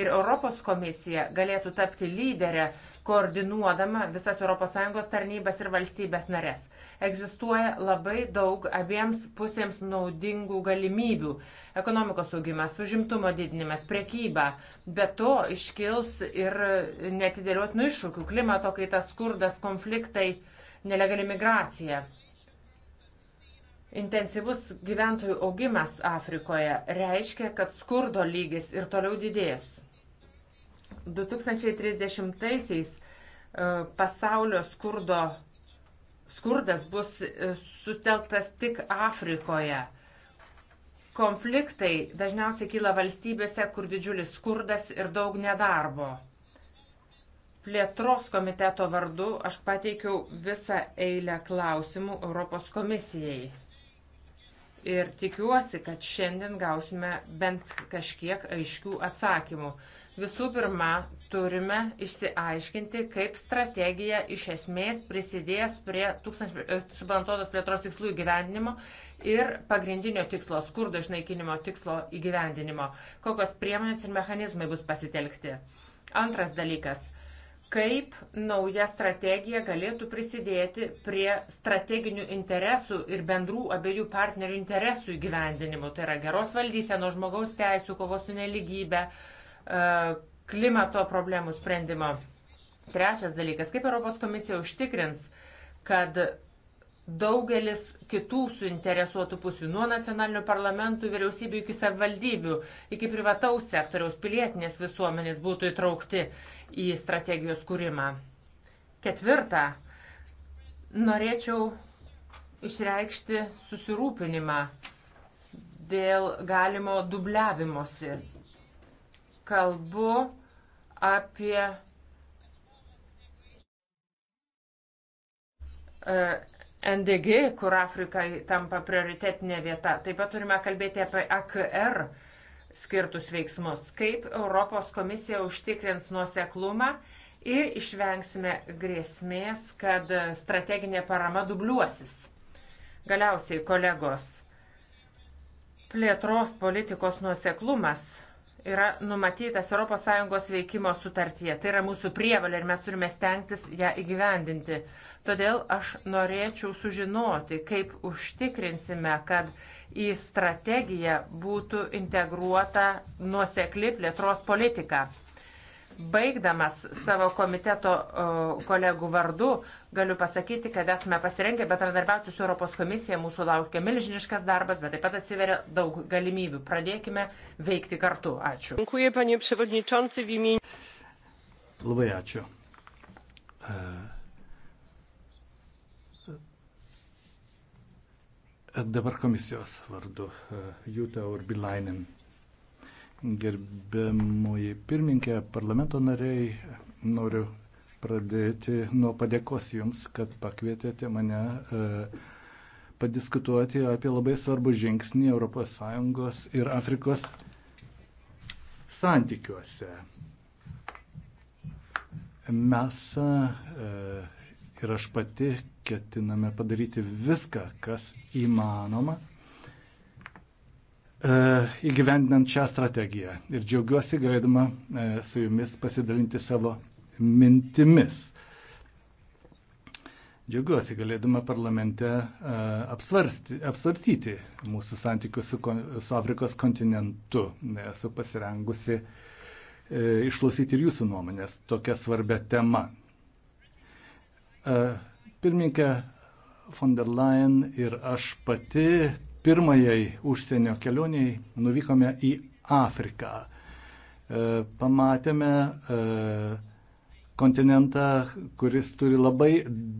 Ir Europos komisija galėtų tapti lyderę, koordinuodama visas ES tarnybas ir valstybės narės egzistuoja labai daug abiems pusėms naudingų galimybių. Ekonomikos augimas, užimtumo didinimas, prekyba. Be to iškils ir netidėliotinų iššūkių - klimato kaita, skurdas, konfliktai, nelegali migracija. Intensyvus gyventojų augimas Afrikoje reiškia, kad skurdo lygis ir toliau didės. 2030-aisiais e, pasaulio skurdo skurdas bus e, sutelktas tik Afrikoje. Konfliktai dažniausiai kyla valstybėse, kur didžiulis skurdas ir daug nedarbo. Plėtros komiteto vardu aš pateikiau visą eilę klausimų Europos komisijai. Ir tikiuosi, kad šiandien gausime bent kažkiek aiškių atsakymų. Visų pirma, turime išsiaiškinti, kaip strategija iš esmės prisidės prie e, subalansuotos plėtros tikslų įgyvendinimo ir pagrindinio tikslo, skurdo išnaikinimo tikslo įgyvendinimo, kokios priemonės ir mechanizmai bus pasitelkti. Antras dalykas kaip nauja strategija galėtų prisidėti prie strateginių interesų ir bendrų abiejų partnerių interesų įgyvendinimo. Tai yra geros valdysenos, žmogaus teisų, kovos su neligybė, uh, E, klimato problemų sprendimo. Trečias dalykas, kaip Europos komisija užtikrins, kad daugelis kitų suinteresuotų pusių, nuo nacionalinių parlamentų, vyriausybių iki savivaldybių, iki privataus sektoriaus, pilietinės visuomenės būtų įtraukti į strategijos kūrimą. Ketvirta, norėčiau išreikšti susirūpinimą dėl galimo dubliavimosi kalbu apie e, NDG, kur Afrika tampa prioritetinė vieta. Taip pat turime kalbėti apie AKR skirtus veiksmus, kaip Europos komisija užtikrins nuoseklumą ir išvengsime grėsmės, kad strateginė parama dubliuosis. Galiausiai, kolegos, plėtros politikos nuoseklumas yra numatytas ES veikimo sutartyje. Tai yra mūsų prievalė ir mes turime stengtis ją įgyvendinti. Todėl aš norėčiau sužinoti, kaip užtikrinsime, kad į strategiją būtų integruota nuosekli plėtros politika. Baigdamas savo komiteto kolegų vardu, galiu pasakyti, kad esame pasirengę bendradarbiauti su Europos komisija, mūsų laukia milžiniškas darbas, bet taip pat atsiveria daug galimybių. Pradėkime veikti kartu. Ačiū. Labai ačiū. E, dabar komisijos vardu e, Jūta Urbilainen. Gerbiamoji pirmininkė, parlamento nariai, noriu pradėti nuo padėkos Jums, kad pakvietėte mane e, padiskutuoti apie labai svarbų žingsnį ES ir Afrikos santykiuose. Mes e, ir aš pati ketiname padaryti viską, kas įmanoma, E, įgyvendinant šią strategiją. Ir džiaugiuosi galėdama e, su jumis pasidalinti savo mintimis. Džiaugiuosi galėdama parlamente e, apsvarstyti mūsų santykius su, su Afrikos kontinentu. Esu pasirengusi išklausyti ir jūsų nuomonės tokia svarbia tema. Pirmininkė von der Leyen ir aš pati pirmajai užsienio kelioniai nuvykome į Afriką. E, pamatėme e, kontinentą, kuris turi labai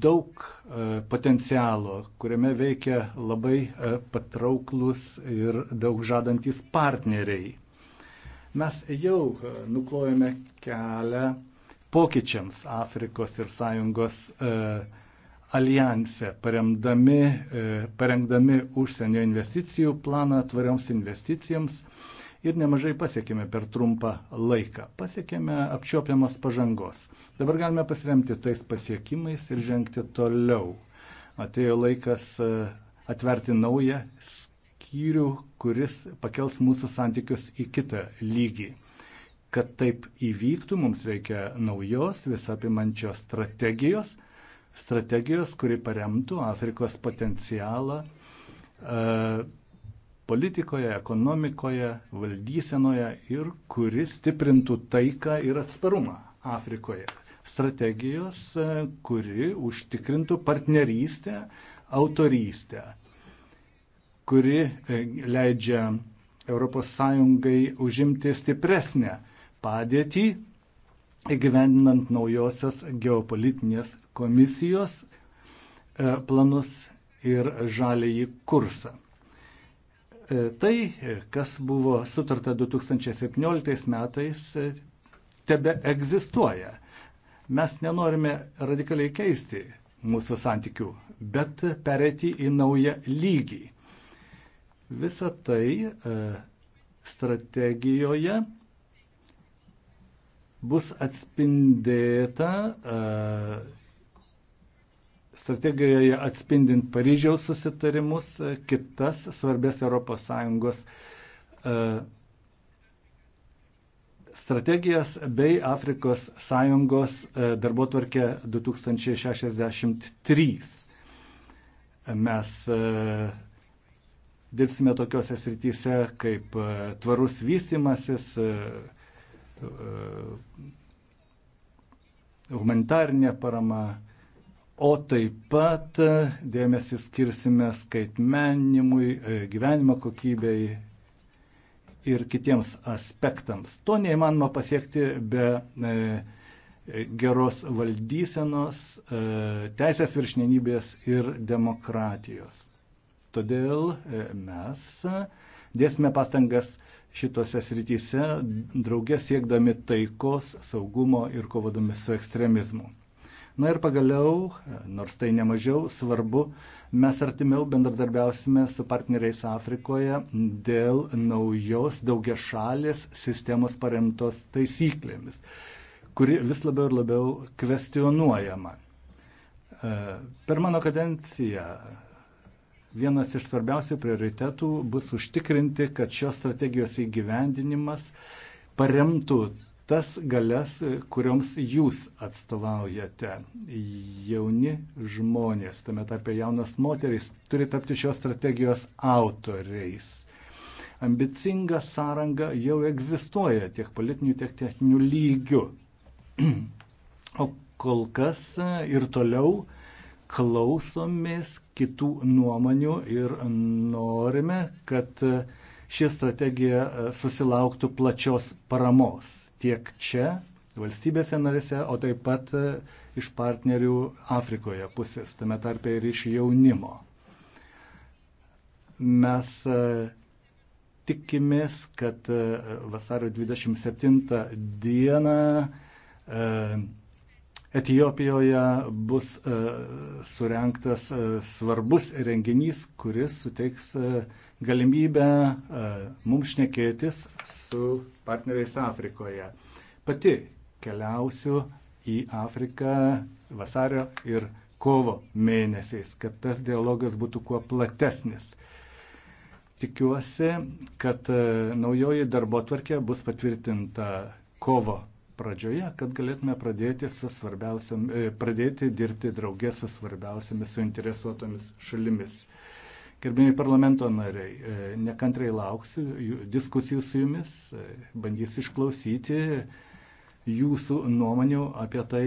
daug e, potencialo, kuriame veikia labai patrauklus ir daug žadantis partneriai. Mes jau nuklojame kelią pokyčiams Afrikos ir sąjungos alijanse, paremdami, e, parengdami užsienio investicijų planą tvarioms investicijoms ir nemažai pasiekėme per trumpą laiką. Pasiekėme apčiopiamas pažangos. Dabar galime pasiremti tais pasiekimais ir žengti toliau. Atėjo laikas e, atverti naują skyrių, kuris pakels mūsų santykius į kitą lygį. Kad taip įvyktų, mums reikia naujos visapimančios strategijos strategijos, kuri paremtų Afrikos potencialą e, politikoje, ekonomikoje, valdysenoje ir kuri stiprintų taiką ir atsparumą Afrikoje. Strategijos, e, kuri užtikrintų partnerystę, autorystę, kuri e, leidžia ES užimti stipresnę padėtį įgyvendinant naujosios geopolitinės komisijos e, planus ir žalėjį kursą. E, tai, e, kas buvo sutarta 2017 metais, tebe egzistuoja. Mes nenorime radikaliai keisti mūsų santykių, bet pereiti į naują lygį. Visa tai strategijoje bus atspindėta e, strategijoje atspindint Paryžiaus susitarimus, e, kitas svarbės ES e, strategijas bei Afrikos sąjungos darbotvarkė 2063. Mes dirbsime tokiuose srityse kaip tvarus vystimasis, E, humanitarinė parama, o taip pat e, dėmesį skirsime skaitmeninimui, e, gyvenimo kokybei ir kitiems aspektams. To neįmanoma pasiekti be geros valdysenos, teisės viršnenybės ir demokratijos. Todėl mes dėsime pastangas šitose srityse, draugė siekdami taikos, saugumo ir kovodami su ekstremizmu. Na ir pagaliau, nors tai nemažiau svarbu, mes artimiau bendradarbiausime su partneriais Afrikoje dėl naujos daugia šalės sistemos paremtos taisyklėmis, kuri vis labiau ir labiau kvestionuojama. E, per mano kadenciją Vienas iš svarbiausių prioritetų bus užtikrinti, kad šios strategijos įgyvendinimas paremtų tas galias, kurioms jūs atstovaujate. Jauni žmonės, tame tarpe jaunas moteris, turi tapti šios strategijos autoriais. Ambicinga sąranga jau egzistuoja tiek politinių, tiek techninių lygių. O kol kas ir toliau klausomės kitų nuomonių ir norime, kad ši strategija e, susilauktų plačios paramos tiek čia, valstybėse narėse, o taip pat e, iš partnerių Afrikoje pusės, tame tarpe ir iš jaunimo. Mes e, tikimės, kad vasario 27 dieną Etijopijoje bus e, surenktas e, svarbus renginys, kuris suteiks e, galimybę mums šnekėtis su partneriais Afrikoje. Pati keliausiu į Afriką vasario ir kovo mėnesiais, kad tas dialogas būtų kuo platesnis. Tikiuosi, kad naujoji darbo tvarkė bus patvirtinta kovo pradžioje, kad galėtume pradėti, e, pradėti dirbti draugės su svarbiausiamis suinteresuotomis šalimis. Gerbimi parlamento nariai, e, nekantrai lauksiu diskusijų su jumis, e, bandysiu išklausyti jūsų nuomonių apie tai,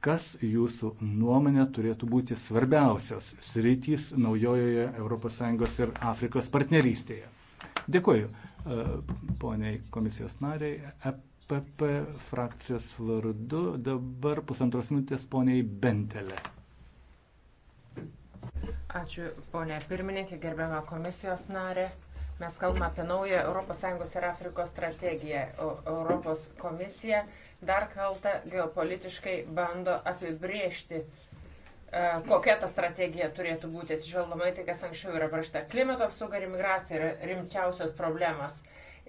kas jūsų nuomonė turėtų būti svarbiausios sritys naujojoje ES ir Afrikos partnerystėje. Dėkuoju, poniai komisijos nariai. EPP frakcijos vardu. Dabar pusantros minutės poniai Bentelė. Ačiū, ponė pirmininkė, gerbiama komisijos narė. Mes kalbame apie naują ES ir Afrikos strategiją. Europos komisija dar kaltą geopolitiškai bando apibriežti, e, kokia ta strategija turėtų būti atsižvelgdama į tai, kas anksčiau yra prašta. Klimato apsauga ir imigracija yra rimčiausios problemas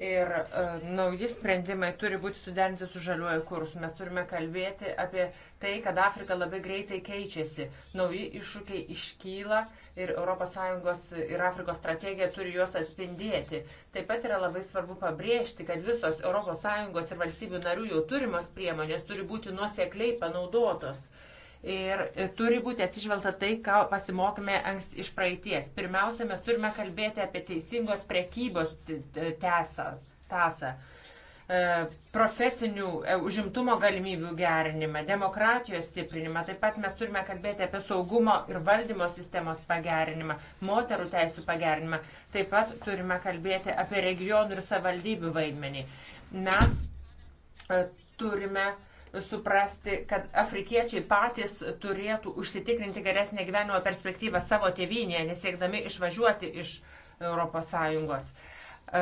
ir uh, nauji sprendimai turi būti suderinti su žaliuoju kursu. Mes turime kalbėti apie tai, kad Afrika labai greitai keičiasi, nauji iššūkiai iškyla ir ES ir Afrikos strategija turi juos atspindėti. Taip pat yra labai svarbu pabrėžti, kad visos ES ir valstybių narių jau turimos priemonės turi būti nuosekliai panaudotos. Uh, ir e, turi būti atsižvelgta tai, ką pasimokime iš praeities. Pirmiausia, mes turime kalbėti apie teisingos prekybos tasą e, profesinių e, užimtumo galimybių gerinimą, demokratijos stiprinimą. Taip pat mes turime kalbėti apie saugumo ir valdymo sistemos pagerinimą, moterų teisų pagerinimą. Taip pat turime kalbėti apie regionų ir savivaldybių vaidmenį. Mes turime uh, turime suprasti, kad afrikiečiai patys turėtų užsitikrinti geresnę gyvenimo perspektyvą savo tėvynėje, nesiekdami išvažiuoti iš ES. E,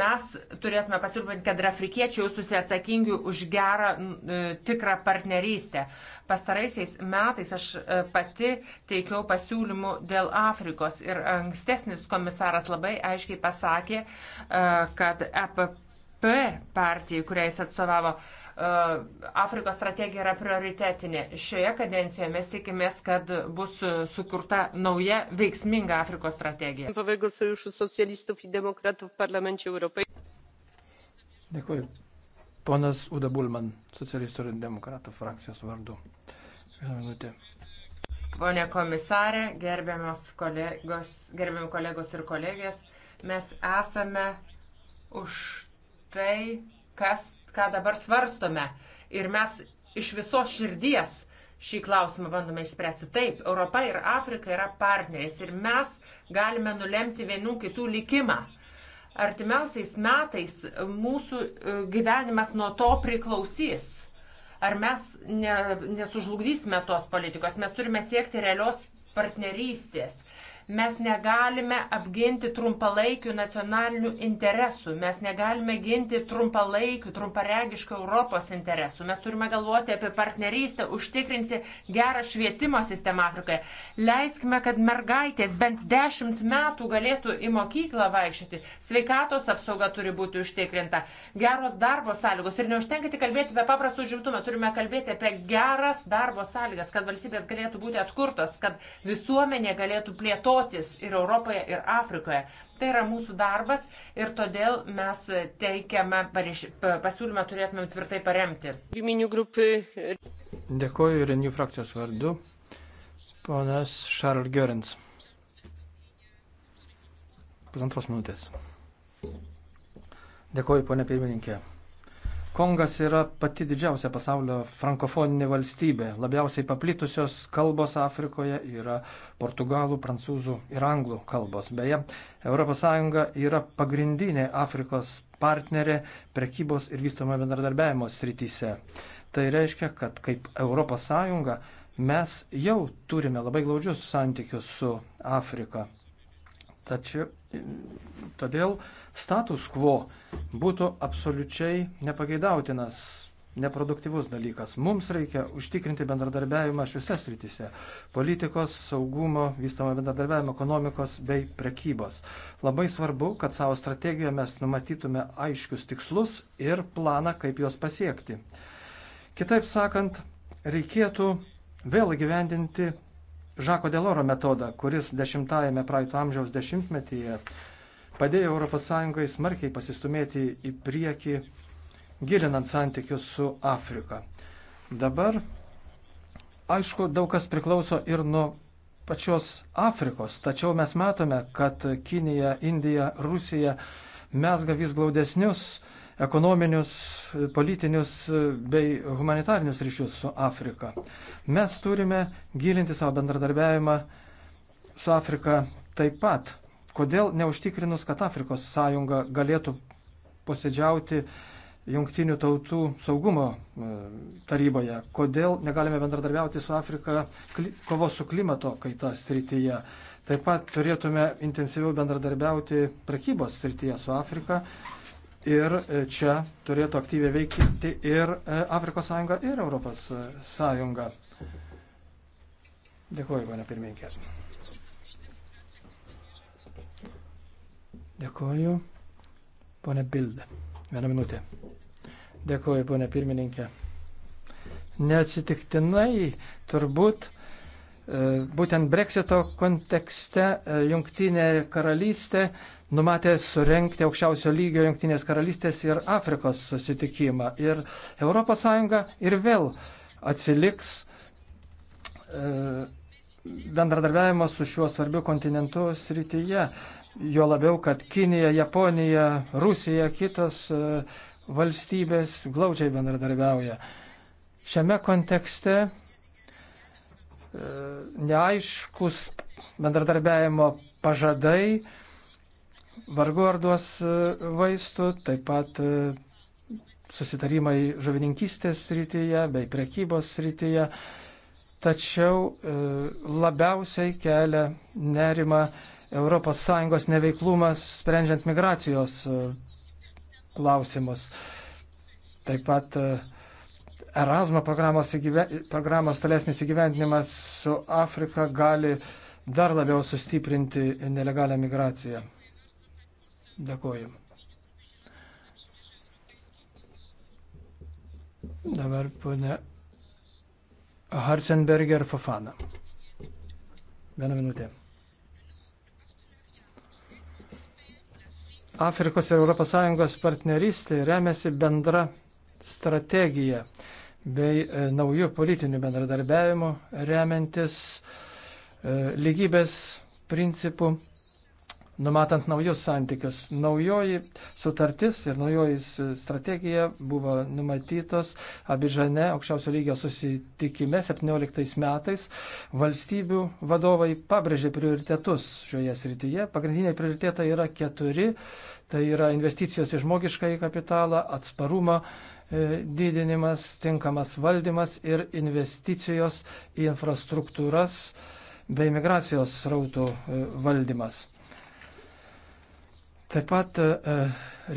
mes turėtume pasirūpinti, kad ir afrikiečiai jaustųsi atsakingi už gerą, e, tikrą partnerystę. Pastaraisiais metais aš e, pati teikiau pasiūlymų dėl Afrikos ir ankstesnis komisaras labai aiškiai pasakė, kad EPP P partijai, kuriai jis atstovavo, uh, Afrikos strategija yra prioritetinė. Šioje kadencijoje mes tikimės, kad bus uh, sukurta nauja veiksminga Afrikos strategija. Dėkuoju. Ponas Uda Bulman, socialistų ir demokratų frakcijos vardu. Vieną minutę. Pone komisarė, gerbiamos kolegos, gerbiami kolegos ir kolegės, mes esame už tai, kas, ką dabar svarstome. Ir mes iš visos širdies šį klausimą bandome išspręsti. Taip, Europa ir Afrika yra partneriais ir mes galime nulemti vienų kitų likimą. Artimiausiais metais mūsų e, gyvenimas nuo to priklausys. Ar mes ne, nesužlugdysime tos politikos, mes turime siekti realios partnerystės. Mes negalime apginti trumpalaikių nacionalinių interesų, mes negalime ginti trumpalaikių, trumparegiškų Europos interesų. Mes turime galvoti apie partnerystę, užtikrinti gerą švietimo sistemą Afrikoje. Leiskime, kad mergaitės bent dešimt metų galėtų į mokyklą vaikščioti. Sveikatos apsauga turi būti užtikrinta, geros darbo sąlygos. Ir neužtenka tik kalbėti apie paprastų žimtumą, turime kalbėti apie geras darbo sąlygas, kad valstybės galėtų būti atkurtos, kad visuomenė galėtų plėtoti plėtotis ir Europoje, ir Afrikoje. Tai yra mūsų darbas ir todėl mes teikiame pasiūlymą turėtume tvirtai paremti. Dėkuoju Renių frakcijos vardu. Ponas Šarl Görens. Pusantros minutės. Dėkuoju, ponė pirmininkė. Kongas yra pati didžiausia pasaulio frankofoninė valstybė. Labiausiai paplitusios kalbos Afrikoje yra portugalų, prancūzų ir anglų kalbos. Beje, ES yra pagrindinė Afrikos partnerė prekybos ir vystomo bendradarbiavimo srityse. Tai reiškia, kad kaip ES mes jau turime labai glaudžius santykius su Afrika. Tačiau todėl status quo būtų absoliučiai nepageidautinas, neproduktyvus dalykas. Mums reikia užtikrinti bendradarbiavimą šiuose srityse - politikos, saugumo, vystamo bendradarbiavimo, ekonomikos bei prekybos. Labai svarbu, kad savo strategijoje mes numatytume aiškius tikslus ir planą, kaip juos pasiekti. Kitaip sakant, reikėtų vėl gyvendinti Žako Deloro metodą, kuris dešimtajame praeito amžiaus dešimtmetyje padėjo ES smarkiai pasistumėti į priekį, gilinant santykius su Afrika. Dabar, aišku, daug kas priklauso ir nuo pačios Afrikos, tačiau mes matome, kad Kinija, Indija, Rusija mesga vis glaudesnius uh, ekonominius, politinius bei humanitarinius ryšius su Afrika. Mes turime gilinti savo bendradarbiavimą su Afrika taip pat. Kodėl neužtikrinus, kad Afrikos sąjunga galėtų posėdžiauti Junktinių tautų saugumo e, taryboje? Kodėl negalime bendradarbiauti su Afrika kovos su klimato kaita srityje? Taip pat turėtume intensyviau bendradarbiauti prekybos srityje su Afrika, Ir e, čia turėtų aktyviai veikti ir e, Afrikos sąjunga, ir Europos sąjunga. Dėkuoju, ponia pirmininkė. Dėkuoju, ponia Bilde. Vieną minutę. Dėkuoju, ponia pirmininkė. Neatsitiktinai turbūt E, būtent breksito kontekste e, Junktinė karalystė numatė surenkti aukščiausio lygio Junktinės karalystės ir Afrikos susitikimą. Ir ES ir vėl atsiliks e, bendradarbiavimo su šiuo svarbiu kontinentu srityje. Jo labiau, kad Kinija, Japonija, Rusija, kitos valstybės glaudžiai bendradarbiauja. Šiame kontekste E, neaiškus bendradarbiajimo pažadai vargu ar duos e, vaistų, taip pat e, susitarimai žuvininkystės srityje bei prekybos srityje. Tačiau labiausiai kelia nerima ES neveiklumas sprendžiant migracijos klausimus. Taip pat uh, Erasmo programos, įgyve, programos tolesnis įgyvendinimas su Afrika gali dar labiau sustiprinti nelegalią migraciją. Dėkuoju. Dabar ponė Harzenberger Fofana. Vieną minutę. Afrikos ir ES partnerystė remiasi bendra strategija bei e, naujų politinių bendradarbiavimų remiantis e, lygybės principų, numatant naujus santykius. Naujoji sutartis ir naujoji strategija buvo numatytos Abižane aukščiausio lygio susitikime 17 metais. Valstybių vadovai pabrėžė prioritetus šioje srityje. Pagrindiniai prioritetai yra keturi. Tai yra investicijos į žmogiškąjį kapitalą, atsparumą E, didinimas, tinkamas valdymas ir investicijos į infrastruktūras bei migracijos srautų e, valdymas. Taip pat e,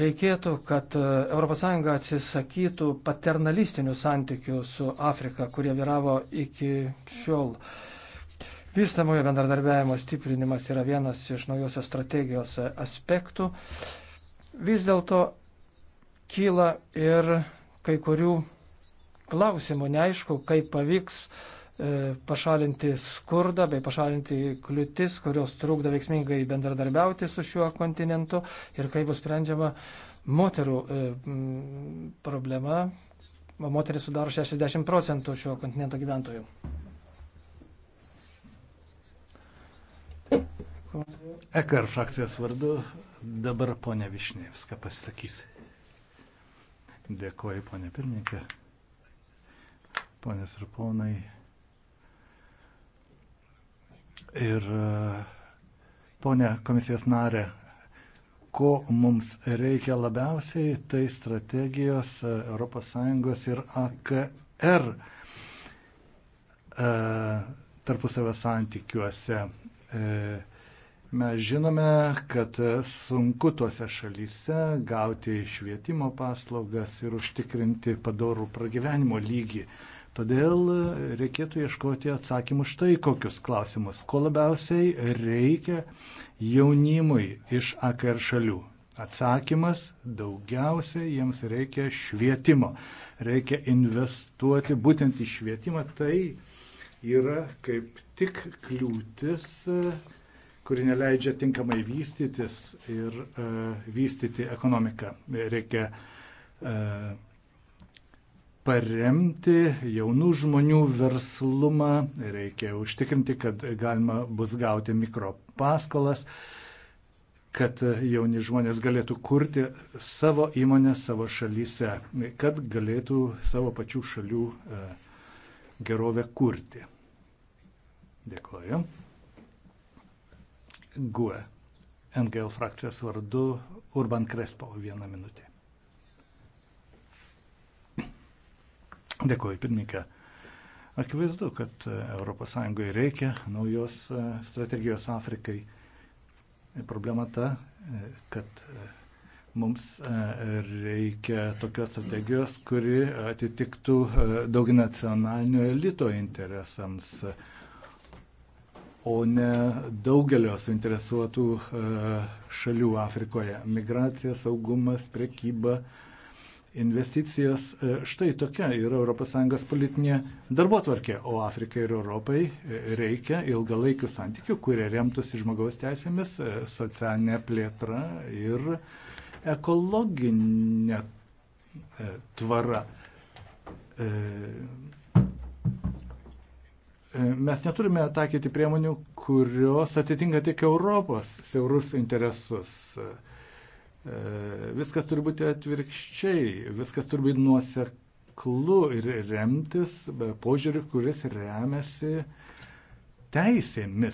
reikėtų, kad ES atsisakytų paternalistinių santykių su Afrika, kurie vyravo iki šiol. Vystamojo bendradarbiavimo stiprinimas yra vienas iš naujosios strategijos aspektų. Vis dėlto kyla ir kai kurių klausimų. Neaišku, kaip pavyks e, pašalinti skurdą bei pašalinti kliūtis, kurios trukdo veiksmingai bendradarbiauti su šiuo kontinentu ir kaip bus sprendžiama moterų e, problema. Moteris sudaro 60 procentų šio kontinento gyventojų. EKR frakcijos vardu dabar ponia Višnievska pasisakys. Dėkuoju, ponė pirmininkė. Ponės ir ponai. Ir e, ponė komisijos narė, ko mums reikia labiausiai, tai strategijos ES ir AKR e, tarpusavio santykiuose. E, Mes žinome, kad sunku tuose šalyse gauti švietimo paslaugas ir užtikrinti padorų pragyvenimo lygį. Todėl reikėtų ieškoti atsakymų štai kokius klausimus. Ko labiausiai reikia jaunimui iš AKR šalių? Atsakymas - daugiausiai jiems reikia švietimo. Reikia investuoti būtent į švietimą. Tai yra kaip tik kliūtis kuri neleidžia tinkamai vystytis ir e, vystyti ekonomiką. Reikia e, paremti jaunų žmonių verslumą, reikia užtikrinti, kad galima bus gauti mikropaskolas, kad jauni žmonės galėtų kurti savo įmonę savo šalyse, kad galėtų savo pačių šalių e, gerovę kurti. Dėkuoju. GUE. NGL frakcijos vardu Urban Krespo vieną minutę. Dėkuoju, pirmininkė. Akivaizdu, kad ES reikia naujos e, strategijos Afrikai. Problema ta, e, kad e, mums reikia tokios strategijos, kuri atitiktų daug nacionalinio elito interesams o ne daugelio suinteresuotų e, šalių Afrikoje. Migracija, saugumas, prekyba, investicijos. E, štai tokia yra ES politinė darbotvarkė, o Afrikai ir Europai e, reikia ilgalaikių santykių, kurie remtųsi žmogaus teisėmis, socialinė plėtra ir ekologinė tvara mes neturime taikyti priemonių, kurios atitinka tik Europos siaurus interesus. E, viskas turi būti atvirkščiai, viskas turi būti nuoseklu ir remtis požiūriu, kuris remiasi teisėmis.